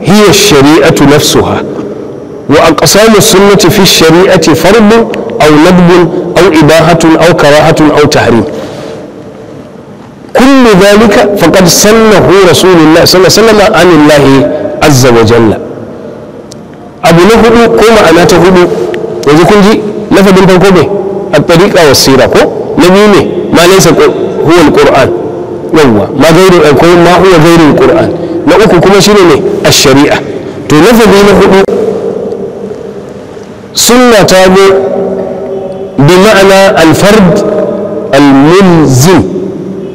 Speaker 1: hiya shari'atu nafsuha wa aqsamu sunnati fi shari'ati fardun aw nadbun aw ibahatun aw karahatun aw tahrim كل ذلك فقد سنه رسول الله صلى الله عليه وسلم عن الله عز وجل abu na hudu ko ma'ana ta hudu yanzu kun ji lafadin farko ne a tariƙa sira ko na biyu ne ma laisa ma na uku kuma shine ne a shari'a to lafazi na hudu sunna ta zo bi ma'ana alfard almulzim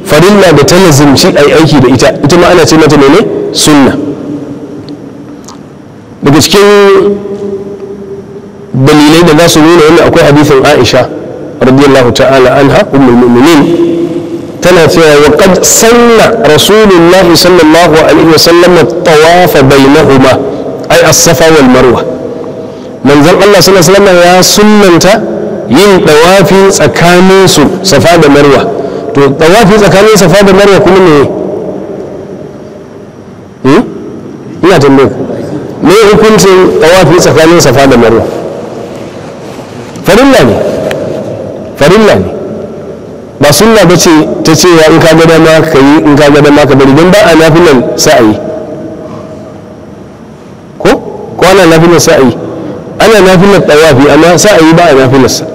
Speaker 1: farilla da ta nazimci a aiki da ita ita ma'ana ce mata ne sunna daga cikin dalilai da za su nuna wani akwai hadithin aisha radiyallahu ta'ala anha ummul mu'minin tana cewa wa qad sanna rasulullahi sallallahu alaihi wa sallam tawafa bainahuma ai as-safa wal marwa manzon Allah sallallahu alaihi wasallam ya sunnanta yin tawafi tsakanin su safa da marwa to tawafi tsakanin safa da marwa kuma ne hmm? ina tambaye ku me hukuncin tawafi tsakanin safa da marwa farilla ne farilla ne sunna ba ce ta ce ya in ka gada ma ka yi in ka gada ma ka bari don ba a nafilan sa'ayi ko ko ana nafilan sa'ayi ana nafilan tawafi amma sa'ayi ba a nafilan sa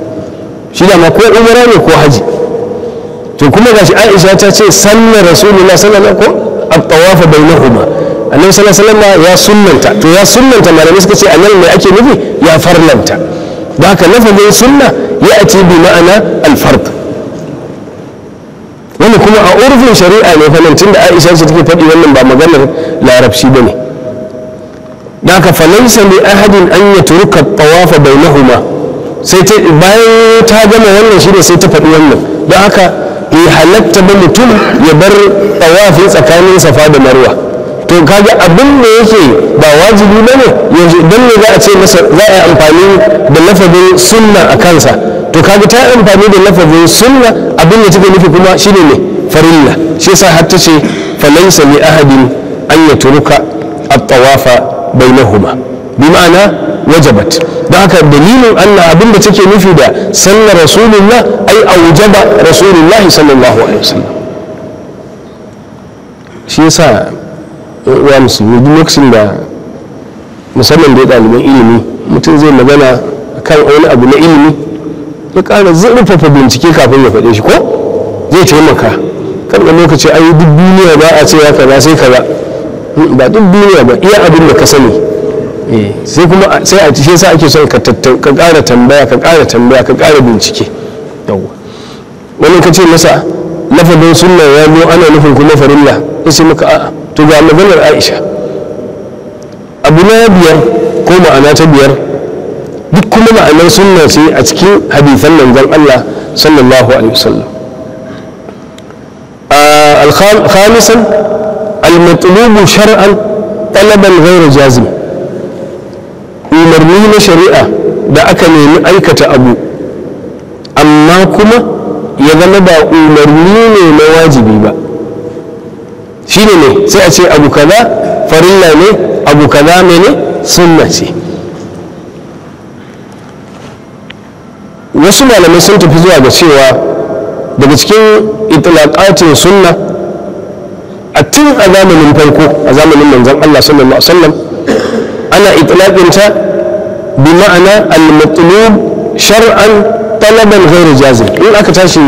Speaker 1: shi da ma ko umara ne ko haji to kuma gashi Aisha ta ce sannan rasulullah sallallahu alaihi wasallam ko at-tawafa bainahuma annabi sallallahu alaihi wasallam ya sunnanta to ya sunnanta malamai suka ce anan mai ake nufi ya farlanta da haka lafazin sunna ya ce bi ma'ana al-fard kuma a urfin shari'a ne fa tun da Aisha ce take faɗi wannan ba maganar larabci bane da ka falansa li ahadin an yatruka tawafa bainahuma sai ta bayan ta gama wannan shi ne sai ta faɗi wannan don aka ya halatta ba mutum ya bar tawafi tsakanin safa da marwa to kaga abin da yake ba wajibi bane yanzu dan ne za a ce masa za a yi amfani da lafazin sunna a kansa to kaga ta amfani da lafazin sunna abin da take nufi kuma shine ne farilla shi yasa har ce falaisa li ahadin an tsawafa bai tawafa bainahuma bi ma'ana wajabat don haka dalilin Allah abin da take nufi da sallar rasulullah ai aujaba rasulullah sallallahu alaihi wasallam shi yasa ya musulmi duk lokacin da musamman da ya ɗaliban ilimi mutum zai magana kan wani abu na ilimi ya ƙara zurfafa bincike kafin ya faɗe shi ko zai taimaka kamar lokaci ayi duk duniya ba a ce ya kaza sai kaza hmm, ba duk duniya ba iya abin da ka sani eh. sai kuma sai a shi yasa ake son ka ƙara tambaya ka ƙara tambaya ka ƙara bincike wani ka ce masa lafadin sunna ya zo ana nufin kuma farilla ya ce maka a'a to ga maganar aisha abu na biyar ko ma'ana ta biyar duk kuma ma'anar sunna ce a cikin hadisan manzon allah sallallahu alaihi wasallam خامسا المطلوب شرعا طلبا غير جازم umarni na shari'a da aka nemi aikata abu amma kuma ya zama ba umarni ne na wajibi ba shi ne ne sai a ce abu kaza farilla ne abu kaza mene sunna ce wasu malamai sun tafi zuwa ga cewa daga cikin itilaqatin sunna a tun a zamanin farko a zamanin manzon Allah sallallahu alaihi wasallam ana itlaqin ta bi ma'ana al-matlub shar'an talaban ghairu jazim in aka tashi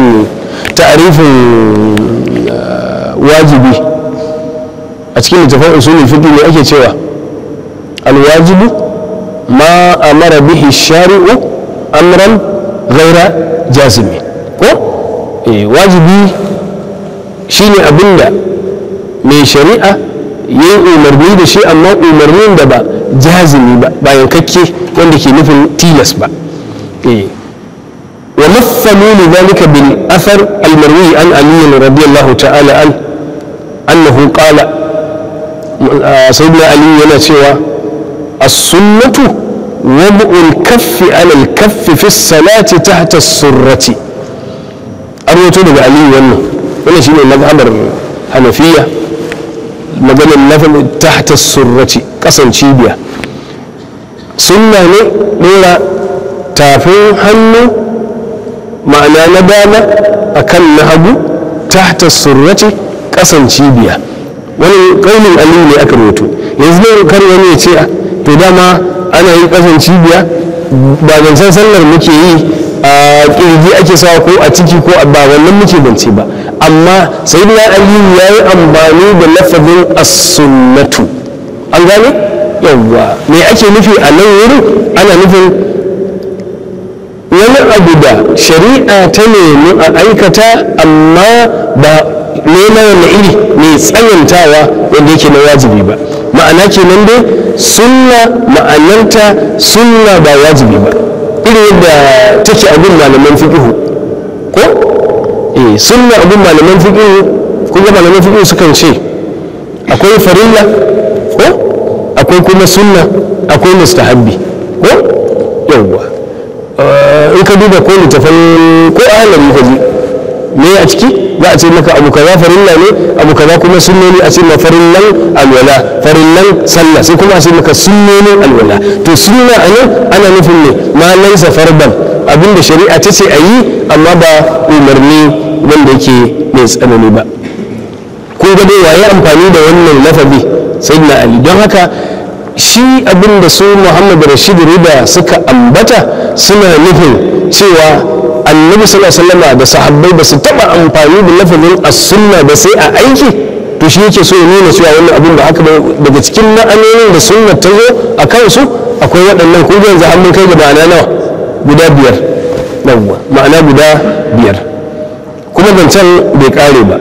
Speaker 1: ta'rifin uh, wajibi a cikin littafin usulul fiqh ne ake cewa al-wajibu ma amara bihi shari'u amran ghaira jazimi ko eh, wajibi shine abinda mai shari'a yin umarni da shi amma umarnin da ba jazimi ba bayan kakke wanda ke nufin tilas ba eh. wa nufamu ne zalika bin asar an aliyu radiyallahu ta'ala an annahu qala ah, sayyidina ali yana cewa a sunnatu wad'u al-kaffi 'ala al-kaffi fi as-salati daga ali wannan wannan shine mazhabar hanafiyya maganin nafil tahta surrati kasan cibiya sunna ne dora tafin hannu ma'ana na dama akan na hagu tahta surrati kasan cibiya wani kaunin aliyu ne aka rubutu yanzu ne kan wani ya ce to dama ana yi kasan cibiya ba zancen sallar muke yi a ƙirji ake sawa ko a ciki ko a ba wannan muke bance ba amma sai da aliyu ya yi amfani da lafazin as-sunnatu an gane yawwa me ake nufi a nan wurin ana nufin wani abu da shari'a ta nemi a aikata amma ba nema wani iri mai tsayantawa wanda yake na wajibi ba ma'ana kenan dai sunna ma'ananta sunna ba wajibi ba irin da take abin malaman fiqhu ko eh sunna abin malaman fiqh kuma ga malaman fiqh sukan ce akwai farilla ko akwai kuma sunna akwai mustahabbi ko yawwa eh, in ka duba ko littafin ko alam ka me a ciki za a ce maka abu kaza farilla ne abu kaza kuma sunnoni a ce ma farillan alwala farillan sallah sai kuma a ce maka sunnoni alwala to sunna a nan ana nufin ne ma laisa farban abin da shari'a ta ce a yi amma ba umarni wanda yake mai tsanani ba ko ga dai waye amfani da wannan lafazi sayyidina ali don haka shi abinda da su muhammad rashid riba suka ambata suna nufin cewa annabi sallallahu alaihi wasallam da sahabbai ba su taba amfani da lafazin as-sunna ba sai a aiki to shi yake so ya nuna cewa wannan abin da aka daga cikin ma'anonin da sunna ta zo a kansu akwai waɗannan ko yanzu an mun kai ga ma'ana nawa guda biyar yawwa ma'ana guda biyar kuma zancen bai kare ba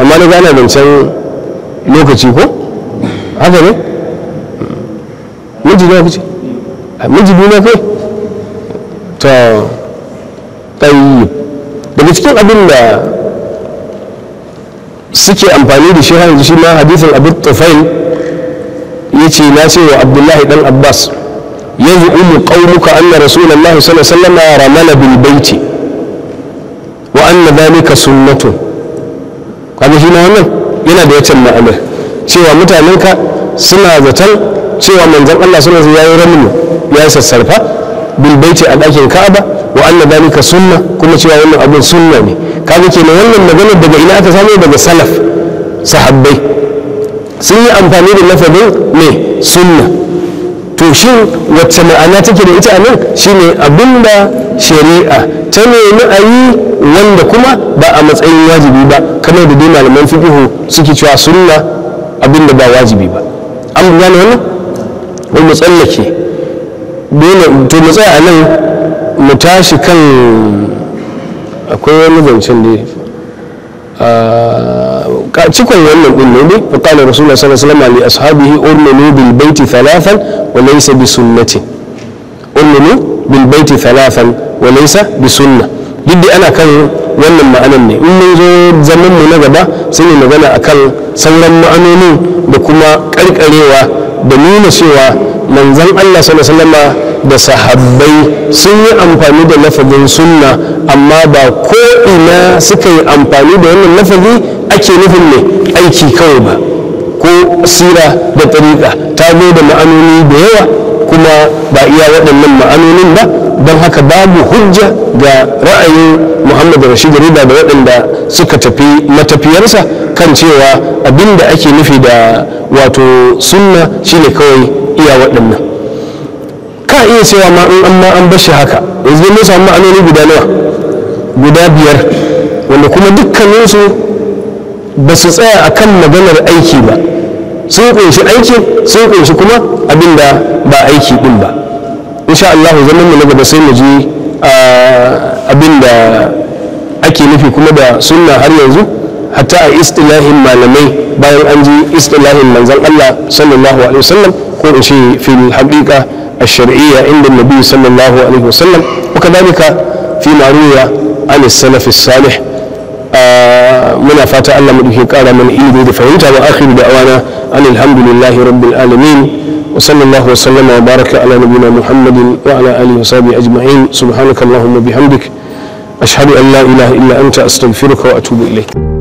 Speaker 1: amma na gana zancen lokaci ko haka ne miji na kuce miji kai to tayyib daga cikin abin da suke amfani da shi hanzu shi ma hadisin abu tufail ya ce na ce wa abdullahi dan abbas yanzu umu qaumuka anna rasulullahi sallallahu alaihi wasallam ramala bil baiti wa anna dhalika sunnatu kwanu shi na wannan yana da wacce ma'ana cewa mutanenka suna zaton cewa manzan Allah suna zai yayi ya yi ramin ya yi sassarfa bil baiti a ɗakin ka'aba wa anna dalika sunna kuma cewa wannan abin sunna ne kaga kenan wannan maganar daga ina aka samu daga salaf sahabbai sun yi amfani da lafazin ne sunna to shin wacce ma'ana take da ita a nan shine da shari'a ta nemi a yi wanda kuma ba a matsayin wajibi ba kamar da dai malaman fiqhu suke cewa sunna abin da ba wajibi ba an gane wannan mu tsallake dole to mu tsaya a nan mu tashi kan akwai wani zancen da ah, cikon wannan ɗin ne dai fa qala rasulullah sallallahu alaihi wasallam li ashabihi urminu bil baiti thalathan wa laysa bi sunnati urminu bil baiti thalathan wa laysa bi sunna duk da ana kan wannan ma'anan ne in mun zo zaman mu na gaba sai mu magana akan sauran ma'anonin da kuma karkarewa da nuna cewa manzan Allah sallama da sahabbai sun yi amfani da lafazin sunna amma ba ko'ina suka yi amfani da wannan lafazi ake nufin ne aiki kawai ba ko sira da tariƙa ta zo da ma'anoni da yawa kuma ba iya waɗannan ma'anonin ba don haka babu hujja ga ra'ayin muhammad rashid riba da waɗanda suka tafi matafiyarsa kan cewa abin da ake nufi da wato sunna shine kawai iya waɗannan ka iya cewa ma in amma an bashi haka yanzu musu amma anoni guda nawa guda biyar wanda kuma dukkaninsu ba su tsaya a kan maganar aiki ba sun ƙunshi aikin sun ƙunshi kuma abin da ba aiki ɗin ba insha Allah zaman mu na gaba sai mu je ah, abin da ake nufi kuma da sunna har yanzu hatta a istilahin malamai bayan an ji istilahin manzan Allah sallallahu alaihi wasallam ko in ce fil haqiqa ash-shar'iyya inda nabi sallallahu alaihi wasallam wa kadhalika fi maruya an as-salaf as ah, muna fata Allah mu kara mana ilimi da fahimta wa akhir da'wana an alhamdulillahi rabbil alamin wa sallallahu wa sallama wa baraka ala nabiyyina muhammadin wa ala alihi wa sahbihi ajma'in subhanaka allahumma bihamdik أشهد أن لا إله إلا أنت أستغفرك وأتوب إليك